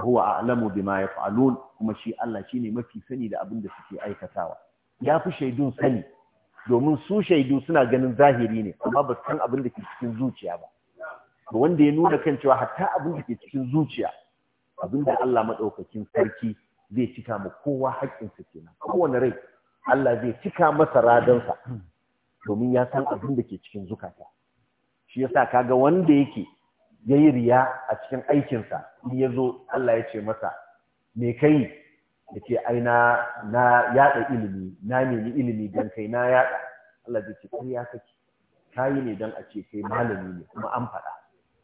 huwa a'lamu bima yaf'alun kuma shi Allah shine mafi sani da abinda suke aikatawa ya fi shaidun sani domin su shaidu suna ganin zahiri ne amma ba san abin ke cikin zuciya ba to wanda ya nuna kan cewa hatta abin ke cikin zuciya abin Allah madaukakin sarki zai cika ma kowa haƙƙinsa kenan kowane rai Allah zai cika masa radansa domin ya san abin da ke cikin zukata shi yasa kaga wanda yake yayi riya a cikin aikinsa in ya zo Allah ya ce masa me kai da ke aina na yada ilimi na nemi ilimi dan kai na yada Allah zai ce kai ya kake kayi ne dan a ce kai malami ne kuma an faɗa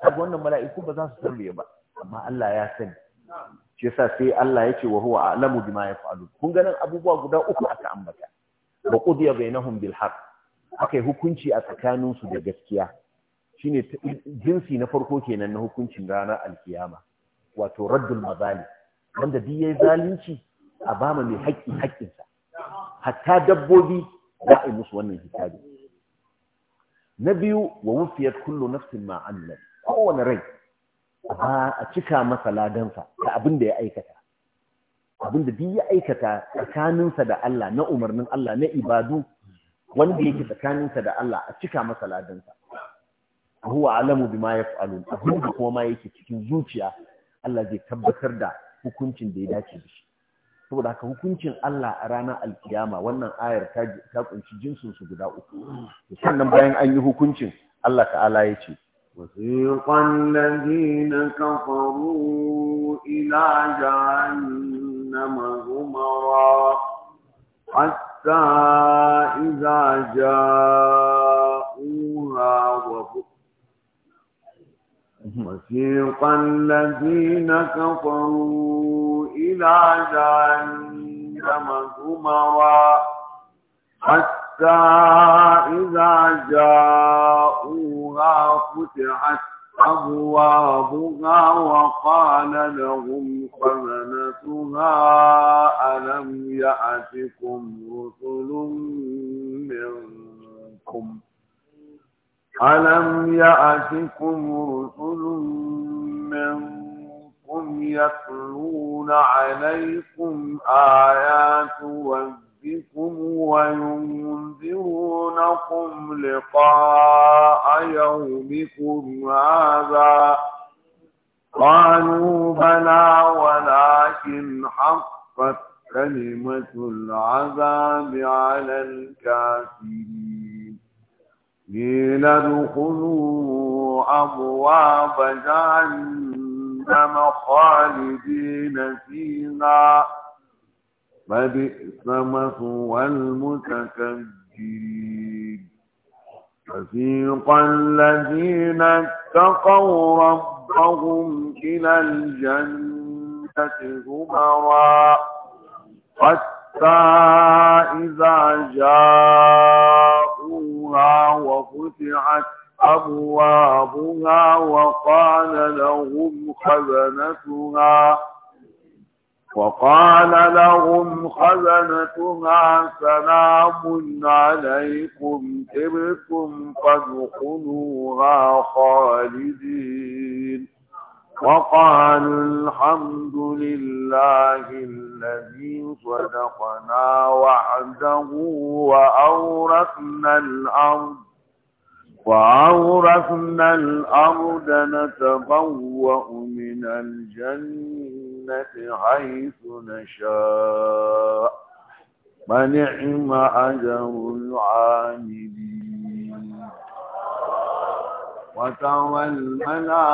kaga wannan mala'iku ba za su san ba amma Allah ya sani shi yasa sai Allah ya ce wa huwa a'lamu bima yaf'alun kun ganin abubuwa guda uku aka ambata wa qudiya bainahum bil haqq aka yi hukunci a tsakaninsu da gaskiya shine jinsi na farko kenan na hukuncin ranar alkiyama wato raddul mazali wanda duk yayi zalunci a bama mai haƙƙi haƙƙinsa hatta dabbobi za a yi musu wannan hisabi na biyu wa wufiyar kullu nafsin ma amilat kowane rai a cika masa ladansa da abin da ya aikata abin da duk ya aikata tsakaninsa da Allah na umarnin Allah na ibadu wanda yake tsakaninsa da Allah a cika masa ladansa huwa alamu bima yaf'alun abin da kuma ma yake cikin zuciya Allah zai tabbatar da hukuncin da ya dace da shi saboda haka hukuncin Allah a ranar alkiyama wannan ayar ta kunshi jinsin su guda uku sannan bayan an yi hukuncin Allah ta'ala ya ce وسيق الذين كفروا إلى جهنم زمرا حتى حتى إذا جاءوها وسيق الذين كفروا إلى جهنم زمرا حتى إذا جاءوها فتحت أبوابها وقال لهم خزنتها ألم يأتكم رسل منكم ألم يأتكم رسل منكم يتلون عليكم آيات ربكم ربكم وينذرونكم لقاء يومكم هذا قالوا بلى ولكن حقت كلمة العذاب على الكافرين قيل ادخلوا أبواب جهنم خالدين فيها فبئس مثوى المتكبرين فسيق الذين اتقوا ربهم إلى الجنة زمرا حتى إذا جاءوها وفتحت أبوابها وقال لهم خزنتها وقال لهم خزنتها سلام عليكم تبتم فادخلوها خالدين وقالوا الحمد لله الذي صدقنا وعده وأورثنا الأرض وأورثنا الأرض نتبوأ من الجنة الجنة حيث نشاء ونعم أجر العاملين وترى الملائكة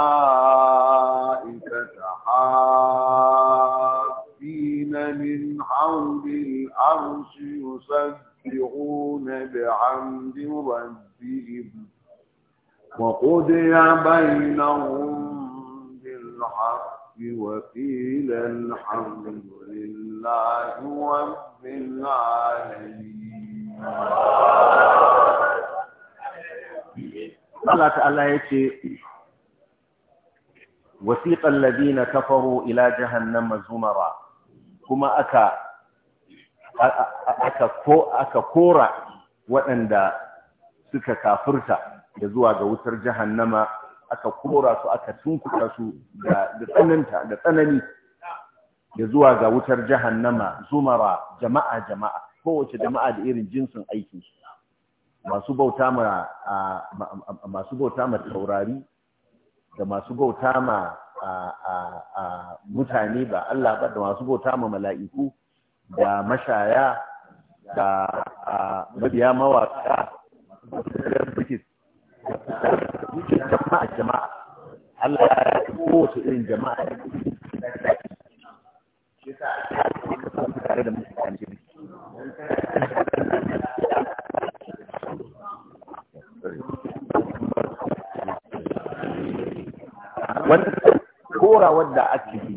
حافين من حول الارش يسبحون بحمد ربهم وقضي بينهم بالحق وقيل الحمد لله رب العالمين الله تعالى يتي وثيق الذين كفروا إلى جهنم زمرا كما أكا اكا اكا aka kora wadanda suka kafirta da zuwa ga aka kora su aka tunkuta su da tsananta da tsanani da zuwa ga wutar jahannama zumara jama'a jama'a kowace jama'a da irin jinsin aikin su masu bauta ma masu bauta ma taurari da masu bauta ma mutane ba Allah ba da masu bauta ma mala'iku da mashaya da mabiya mawaka da dukkan jama'a jama'a Allah ya yi kowace irin jama'a ya yi Ya kuma tare da mutane wanda kora wanda ake yi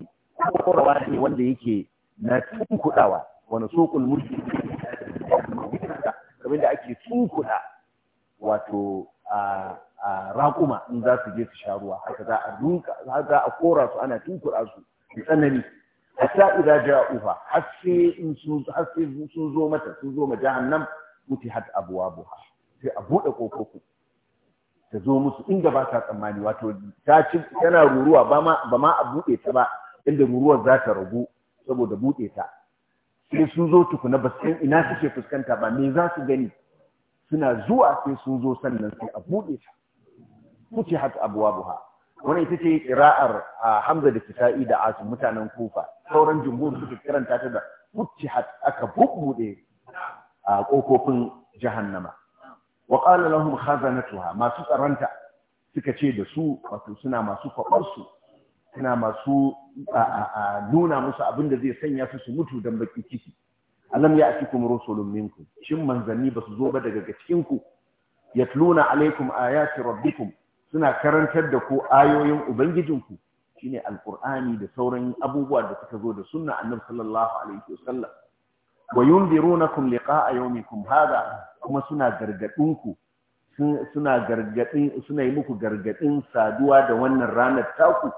korawa ne wanda yake na tunkuɗawa wani sokul mulki kamar da ake tunkuɗa wato a raƙuma in za su je su sha ruwa haka za a duka za a kora su ana tunkura su da tsanani hatta idan ja'uha har sai in sun har sai sun zo mata sun zo ma jahannam mutihat buha sai a bude kokoku ta zo musu inda ba ta tsammani wato ta ci tana ruruwa ba ma a bude ta ba inda ruruwar za ta ragu saboda buɗe ta sai sun zo tukuna ba san ina suke fuskanta ba me za su gani suna zuwa sai sun zo sannan sai a buɗe ta futihat abwabuha wannan ita ce ƙira'ar Hamza da Kisa'i da Asim mutanen Kufa sauran jumhur suka karanta ta da futihat aka bubbude a kokofin jahannama wa qala lahum khazanatuha masu tsaranta suka ce da su wato suna masu faɗar su suna masu nuna musu abin da zai sanya su su mutu dan baki ciki alam ya rusulun minkum shin manzanni ba su zo ba daga cikin ku yatluna alaikum ayati rabbikum suna karantar da ku ayoyin ubangijinku shine alqur'ani da sauran abubuwa da suka zo da sunna annabi sallallahu alaihi wasallam wa yunzirunakum liqa'a yawmikum hada kuma suna ku suna gargadin suna yi muku gargadin saduwa da wannan ranar taku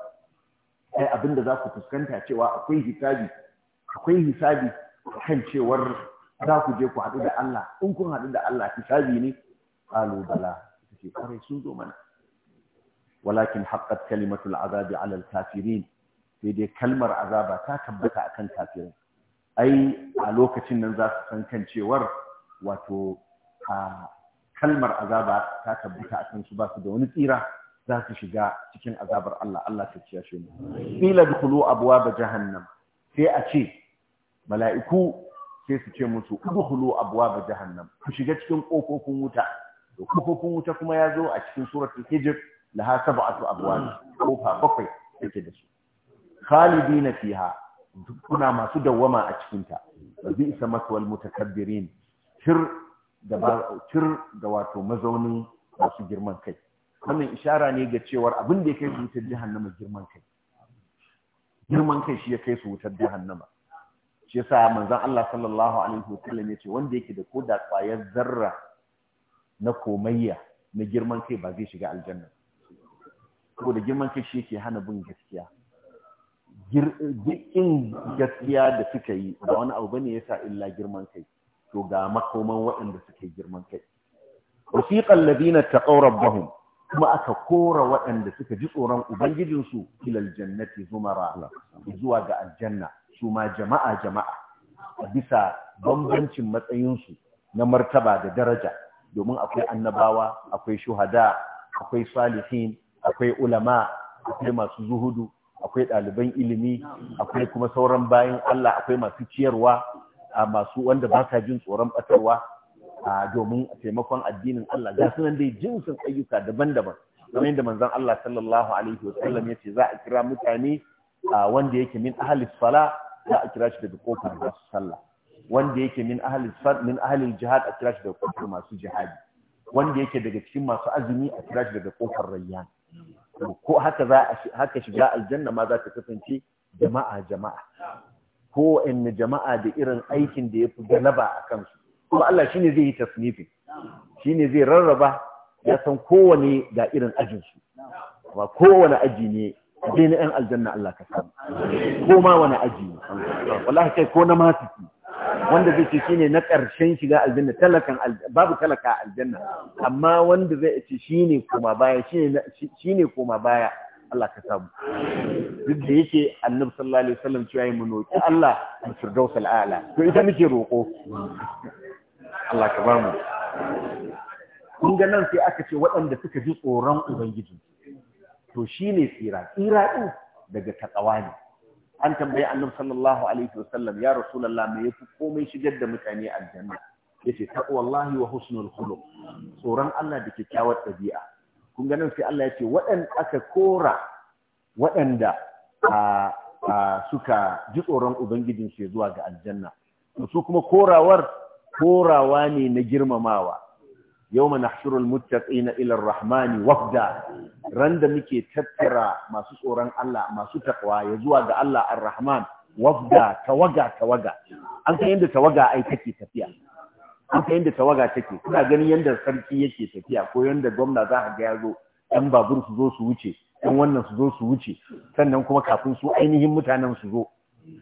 ai abinda za ku fuskanta cewa akwai hisabi akwai hisabi kan cewar za ku je ku haɗu da Allah in kun haɗu da Allah hisabi ne Alubala, bala kare sun zo mana walakin haqqat kalimatul azabi alal al-kafirin sai dai kalmar azaba ta tabbata akan kafirin ai a lokacin nan za su san kan cewar wato a kalmar azaba ta tabbata akan su ba su da wani tsira za su shiga cikin azabar Allah Allah ta ciya shi qila dkhulu ba jahannam sai a ce mala'iku sai su ce musu udkhulu ba jahannam ku shiga cikin kofofin wuta to kofofin wuta kuma ya zo a cikin suratul hijr laha sab'atu abwab kofa bakwai take da su khalidina fiha kuna masu dawwama a cikin ta bi isa maswal mutakabbirin shir da ba shir da wato mazauni masu girman kai wannan ishara ne ga cewar abin da ya kai su wutar jahannama girman kai girman kai shi ya kai su wutar jahannama shi yasa manzon Allah sallallahu alaihi wasallam ya ce wanda yake da koda kwayar zarra na komayya na girman kai ba zai shiga aljanna saboda girman kai shi ke hana bin gaskiya in gaskiya da suka yi ba wani abu bane yasa illa girman kai to ga makoman waɗanda suka yi girman kai wasiqal ladina taqaw rabbahum kuma aka kora waɗanda suka ji tsoron ubangijinsu ilal jannati zumara zuwa ga aljanna su ma jama'a jama'a a bisa bambancin matsayinsu na martaba da daraja domin akwai annabawa akwai shuhada akwai salihin akwai ulama akwai masu zuhudu akwai ɗaliban ilimi akwai kuma sauran bayan Allah akwai masu ciyarwa a masu wanda ba sa jin tsoron batarwa a domin taimakon addinin Allah ga sunan dai jinsin ayyuka daban-daban kamar yadda manzon Allah sallallahu alaihi wasallam yace za a kira mutane wanda yake min ahli sala za a kira shi daga kofar masu sallah wanda yake min ahli min ahli jihad a kira shi daga kofar masu jihadi wanda yake daga cikin masu azumi a kira shi daga kofar rayyan ko haka za haka shiga aljanna ma za ta kasance jama'a jama'a ko inna jama'a da irin aikin da yafi galaba a kansu kuma Allah shine zai yi tasnifin shine zai rarraba ya san kowane ga irin ajin su amma kowane aji ne a na 'yan aljanna Allah ka samu ko ma wani aji ne wallahi kai ko na matiki wanda zai ce ne na ƙarshen shiga aljanna talakan babu talaka aljanna amma wanda zai ce shi ne koma baya shi ne koma baya Allah ka samu duk da yake annab sallallahu alaihi wasallam cewa yi munoki Allah da firdaus al'ala to ita muke roƙo Allah ka bamu kun ga nan sai aka ce waɗanda suka ji tsoron ubangiji to shine tsira tsira din daga takawa ne an tambayi annab sallallahu alaihi wasallam ya rasulullah me yafi komai shigar da mutane aljanna yace taqwallahi wa husnul khuluq tsoron Allah da kyakkyawar ɗabi'a kun ga nan sai Allah yace waɗanda aka kora waɗanda suka ji tsoron ubangijin shi zuwa ga aljanna su kuma korawar korawa ne na girmamawa Yau na shirin muttaqina ila ilar rahmani wafda randa muke tattara masu tsoron Allah masu takwa ya zuwa ga Allah ar-rahman wafda tawaga tawaga an kai yadda tawaga ai take tafiya an kai yadda tawaga take kuna ganin yadda sarki yake tafiya ko yadda gwamna za a ga yazo ɗan babur su zo su wuce ɗan wannan su zo su wuce sannan kuma kafin su ainihin mutanen su zo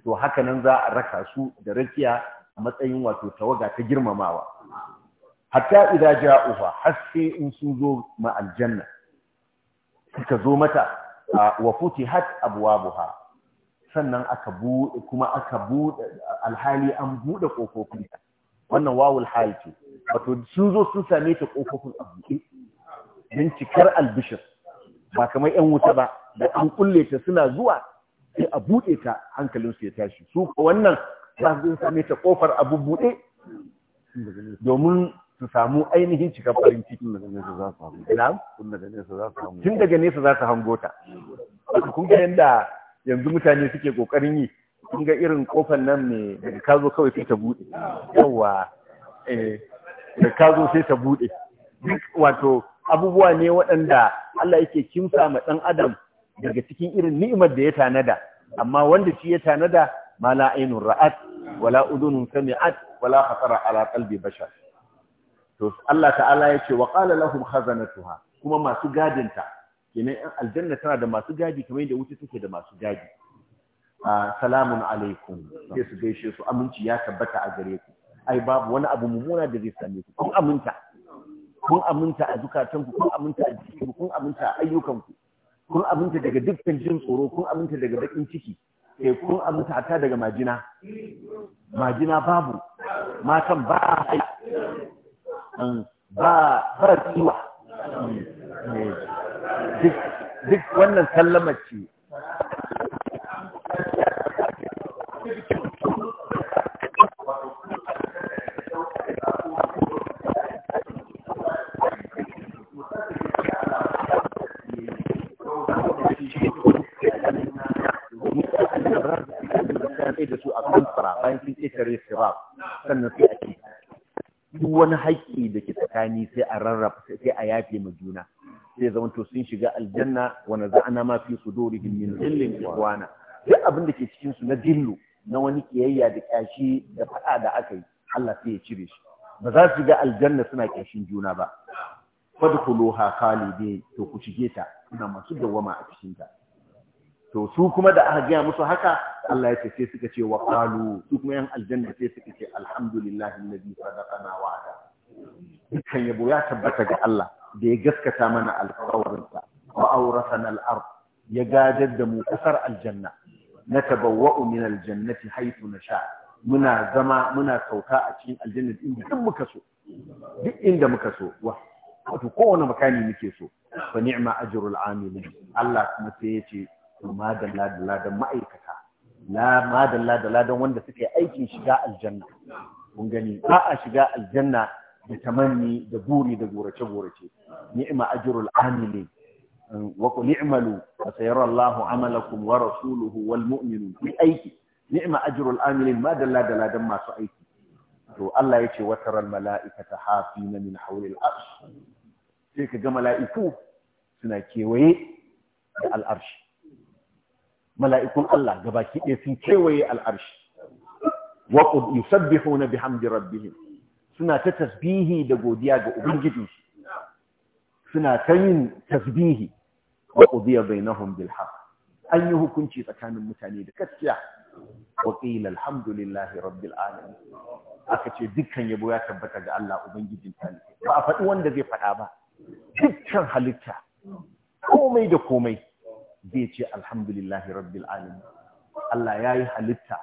to haka nan za a raka su da rakiya a matsayin wato tawaga ta girmamawa hatta idza ja'uha sai in sun zo ma aljanna suka zo mata wa futihat abwabuha sannan aka bude kuma aka bude alhali an bude kofofin ta wannan wawul hal ce wato sun zo sun same ta kofofin abuke don cikar albishir ba kamar yan wuta ba da an kulle ta suna zuwa sai a buɗe ta hankalin su ya tashi su wannan za su same ta kofar abu buɗe domin su samu ainihin cikar farin ciki tun daga nesa za su hango ta kun ga yadda yanzu mutane suke ƙoƙarin yi kun ga irin kofan nan ne daga ka zo kawai sai ta buɗe, yawwa. Eh, da ka zo sai ta buɗe. duk wato abubuwa ne waɗanda Allah yake kimsa ma ɗan adam daga cikin irin ni'imar da ya tanada amma wanda shi ya tanada ma la ainun ra'at wala udunun sami'at wala hasara ala qalbi bashar to Allah ta'ala ya ce wa qala lahum khazanatuha kuma masu gadinta kenan aljanna tana da masu gadi kamar yadda wuta take da masu gadi salamun alaikum sai su gaishe su aminci ya tabbata a gare ku ai babu wani abu mumuna da zai same ku kun aminta kun aminta a ku, kun aminta a ku, kun aminta a ayyukan ku, kun aminta daga dukkan jin tsoro kun aminta daga bakin ciki sai eh, kun aminta ta daga majina majina babu matan ba a Mm. ba ba duk wannan sallama ce da su a kan tsara bayan sun ƙetare sirar sannan sai a duk wani haƙƙi da ke tsakani sai a rarraba sai a yafe ma juna sai zama to sun shiga aljanna wani naza'na ma fi sudurihim min dhillin ikhwana duk abin da ke cikin su na dillu na wani kiyayya da kyashi da faɗa da aka yi Allah sai ya cire shi ba za su ga aljanna suna kyashin juna ba fadkhuluha khalidin to ku shige ta kuna masu dawwama a cikin ta to su kuma da aka gaya musu haka Allah ya ce sai suka ce wa qalu su kuma yan aljanna sai suka ce alhamdulillahi alladhi sadaqana wa'ada dukkan yabo ya tabbata ga Allah da ya gaskata mana alƙawarinsa wa awrasana al-ard ya gadar da mu kasar aljanna natabawwa'u min aljannati haythu nasha muna zama muna sauka a cikin aljanna inda duk muka so duk inda muka so wa wato kowane makani muke so fa ni'ma ajrul amilin Allah kuma sai ya ce to madalla da ladan ma'aikata ma da ladala ladan wanda suke aikin shiga aljanna kun gani ba a shiga aljanna da tamanni da buri da gorace gorace ni'ma ajrul amilin mm, wa qul i'malu fa Allahu amalakum wa rasuluhu wal mu'minun bi aiki ni'ma ajirul amilin madalla da masu aiki to Allah ya ce wata ran mala'ikata hafina min hawlil arsh sai ka ga mala'iku suna kewaye da al'arshi mala'ikun Allah gabaki ɗaya sun kewaye al'arshi wa na bihamdi rabbihim suna ta tasbihi da godiya ga ubangiji suna ta yin tasbihi wa qudiya bainahum bil an yi hukunci tsakanin mutane da gaskiya wa qila alhamdulillahi rabbil alamin aka ce dukkan yabo ya tabbata ga Allah ubangijin talibai ba a faɗi wanda zai faɗa ba dukkan halitta komai da komai zai ce alhamdulillahi rabbil alamin Allah ya yi halitta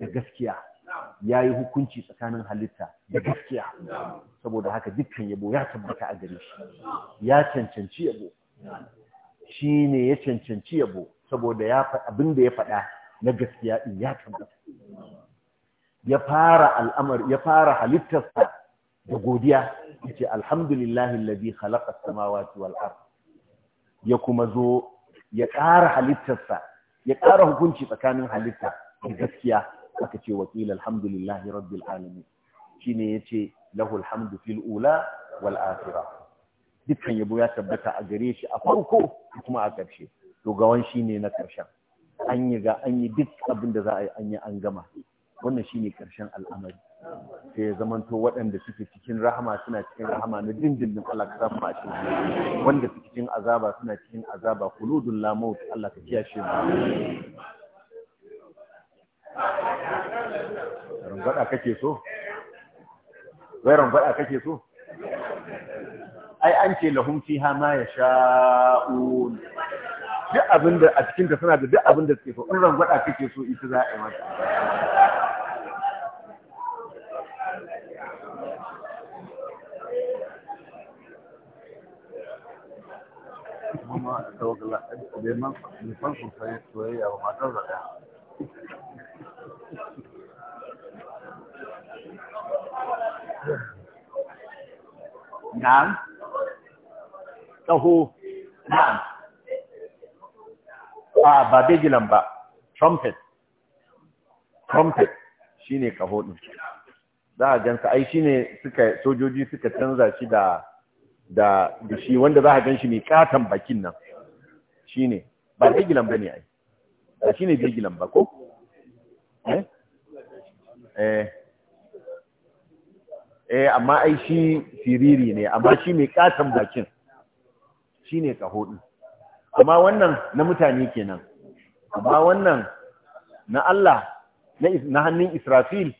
da gaskiya ya yi hukunci tsakanin halitta da gaskiya saboda haka dukkan yabo ya tabbata a gare shi ya cancanci yabo shi ne ya cancanci yabo saboda abin da ya faɗa na gaskiya in ya tabbata ya fara al'amar ya fara halittarsa da godiya ya ce alhamdulillahi lalazi halakar samawa wal ard ya kuma zo ya ƙara halittarsa ya ƙara hukunci tsakanin halitta da gaskiya aka ce wakil alhamdulillah rabbil alamin shine yace lahul hamdu fil ula wal akhirah dukkan yabo ya tabbata a gare shi a farko kuma a ƙarshe to ga wani shine na ƙarshen an yi ga an yi duk abin da za a yi an yi an gama wannan shine ƙarshen al'amari sai ya zamanto waɗanda suke cikin rahama suna cikin rahama na dindindin Allah ka samu a cikin wanda suke cikin azaba suna cikin azaba kuludun la Allah ka kiyashe mu rangwada kake so wai rangwada kake so ai an ce lahum fiha ma yasha'un duk abinda a cikin suna da duk abinda suke so in rangwada kake so ita za a yi mata bai san sosai soyayya ba matar da ba trumpet trumpet shine ƙaho ɗin za a gansa ai shine suka sojoji suka canza shi da da shi wanda za a gan shi mai katon bakin nan shine ba ba bane ai ba shine bigilan ba ko eh? eh eh amma ai shi siriri ne amma shi mai katon bakin shine ne din amma wannan na mutane kenan amma wannan na Allah na hannun Israfil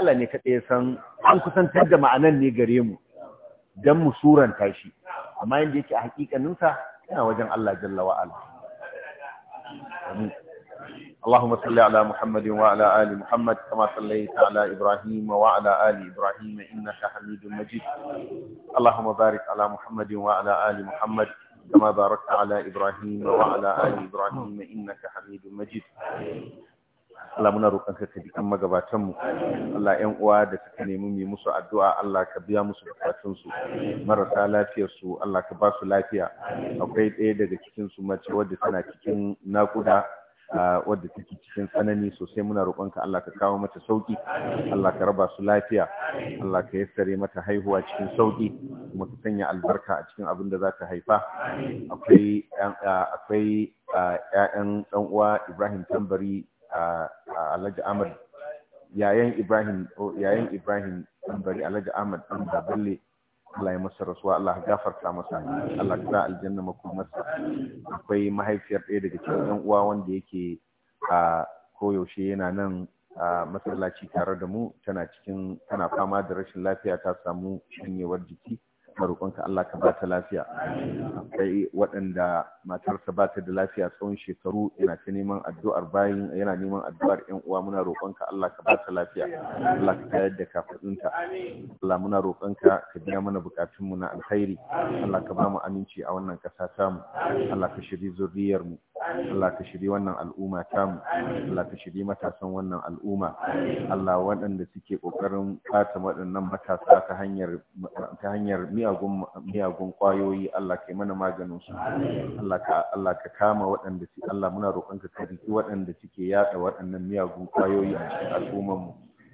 Allah ne kaɗai san an kusantar da ma'anan ne gare mu don mu suranta shi amma yadda yake a hakikaninsa yana wajen Allah jalla wa ala amin اللهم صل على محمد وعلى آل محمد كما صليت على إبراهيم وعلى آل إبراهيم إنك حميد مجيد اللهم بارك على محمد وعلى آل محمد كما باركت على إبراهيم وعلى آل إبراهيم إنك حميد مجيد Allah muna roƙon ka bi kan magabatan mu Allah ƴan uwa da suka nemi mu musu addu'a Allah ka biya musu bukatun su marasa lafiyar su Allah ka ba su lafiya akwai ɗaya daga cikin su mace wadda tana cikin nakuda wadda take cikin tsanani sosai muna ka Allah ka kawo mata sauki Allah ka raba su lafiya Allah ka yassare mata haihuwa cikin sauki kuma ka sanya albarka a cikin abin da za ta haifa akwai akwai ƴaƴan ɗan uwa Ibrahim Tambari alhaji ahmad yayan ibrahim yayan ibrahim bari alhaji ahmad dan baballe Allah ya masa rasuwa Allah gafarta masa Allah ya sa aljanna makomarsa akwai mahaifiyar ɗaya daga cikin ɗan uwa wanda yake a koyaushe yana nan a masallaci tare da mu tana cikin tana fama da rashin lafiya ta samu shanyewar jiki na roƙonka Allah ka ba ta lafiya akwai waɗanda matarsa ta da lafiya tsawon shekaru yana ta neman addu'ar bayin yana neman addu'ar ƴan uwa muna roƙonka Allah ka ba ta lafiya Allah ka tayar da kafadunta Allah muna roƙonka ka biya mana buƙatun mu na alkhairi Allah ka ba mu aminci a wannan ƙasa ta mu Allah ka shiri zuriyar mu Allah ka shiri wannan al'umma ta mu Allah ka shiri matasan wannan al'umma Allah waɗanda suke ƙoƙarin ɓata waɗannan matasa ta hanyar ta hanyar miyagun miyagun kwayoyi Allah kai mana maganin su Allah ka Allah ka kama waɗanda su Allah muna roƙon ka ka riki waɗanda suke yada waɗannan miyagun kwayoyi a cikin al'umman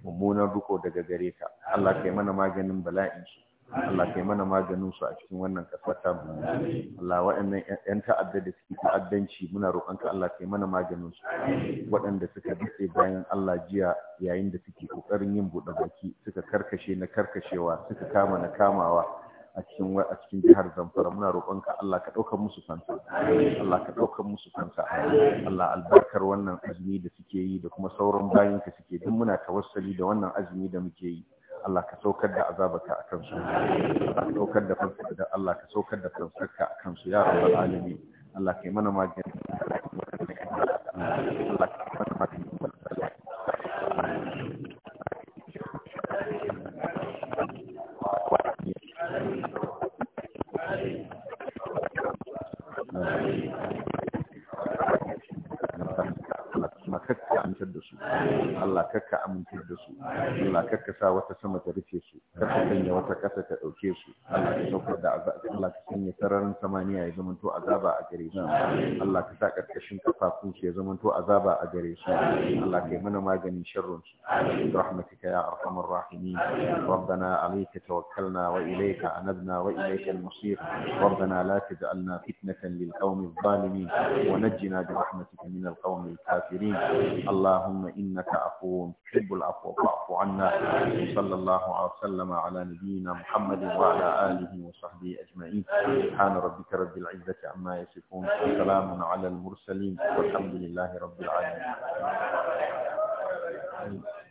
mu mummunan riko daga gare ka Allah kai mana maganin bala'in su Allah kai mana maganin su a cikin wannan kasar ta mu Allah waɗannan ƴan ta'adda da suke ta'addanci muna roƙon ka Allah kai mana maganin su waɗanda suka dace bayan Allah jiya yayin da suke kokarin yin buɗe baki suka karkashe na karkashewa suka kama na kamawa a cikin a cikin jihar Zamfara muna roƙonka Allah ka ɗaukar musu fansa Allah ka ɗaukar musu fansa Allah albarkar wannan azumi da suke yi da kuma sauran bayan ka suke duk muna tawassali da wannan azumi da muke yi Allah ka saukar da azabaka a kansu Allah ka saukar da fansa da Allah ka saukar da fansarka a kansu ya rabbal alamin Allah ka yi mana magani Allah ka yi mana magani Allah kakka amintar da su Allah sa wata sama ta rufe su sanya wata ta dauke su Allah ka saukar da Allah ka sanya sararin samaniya ya zamanto azaba a gare su Allah ka sa kafafun su ya zamanto azaba a gare su Allah ka yi mana maganin sharrin su rahmatika ya arhamar rahimin ربنا عليك توكلنا وإليك أنبنا وإليك المصير ربنا لا تجعلنا فتنة للقوم الظالمين ونجنا برحمتك من القوم الكافرين اللهم إنك العفو تحب العفو فاعف عنا صلى الله عليه وسلم على نبينا محمد وعلى آله وصحبه أجمعين سبحان ربك رب العزة عما يصفون سلام على المرسلين والحمد لله رب العالمين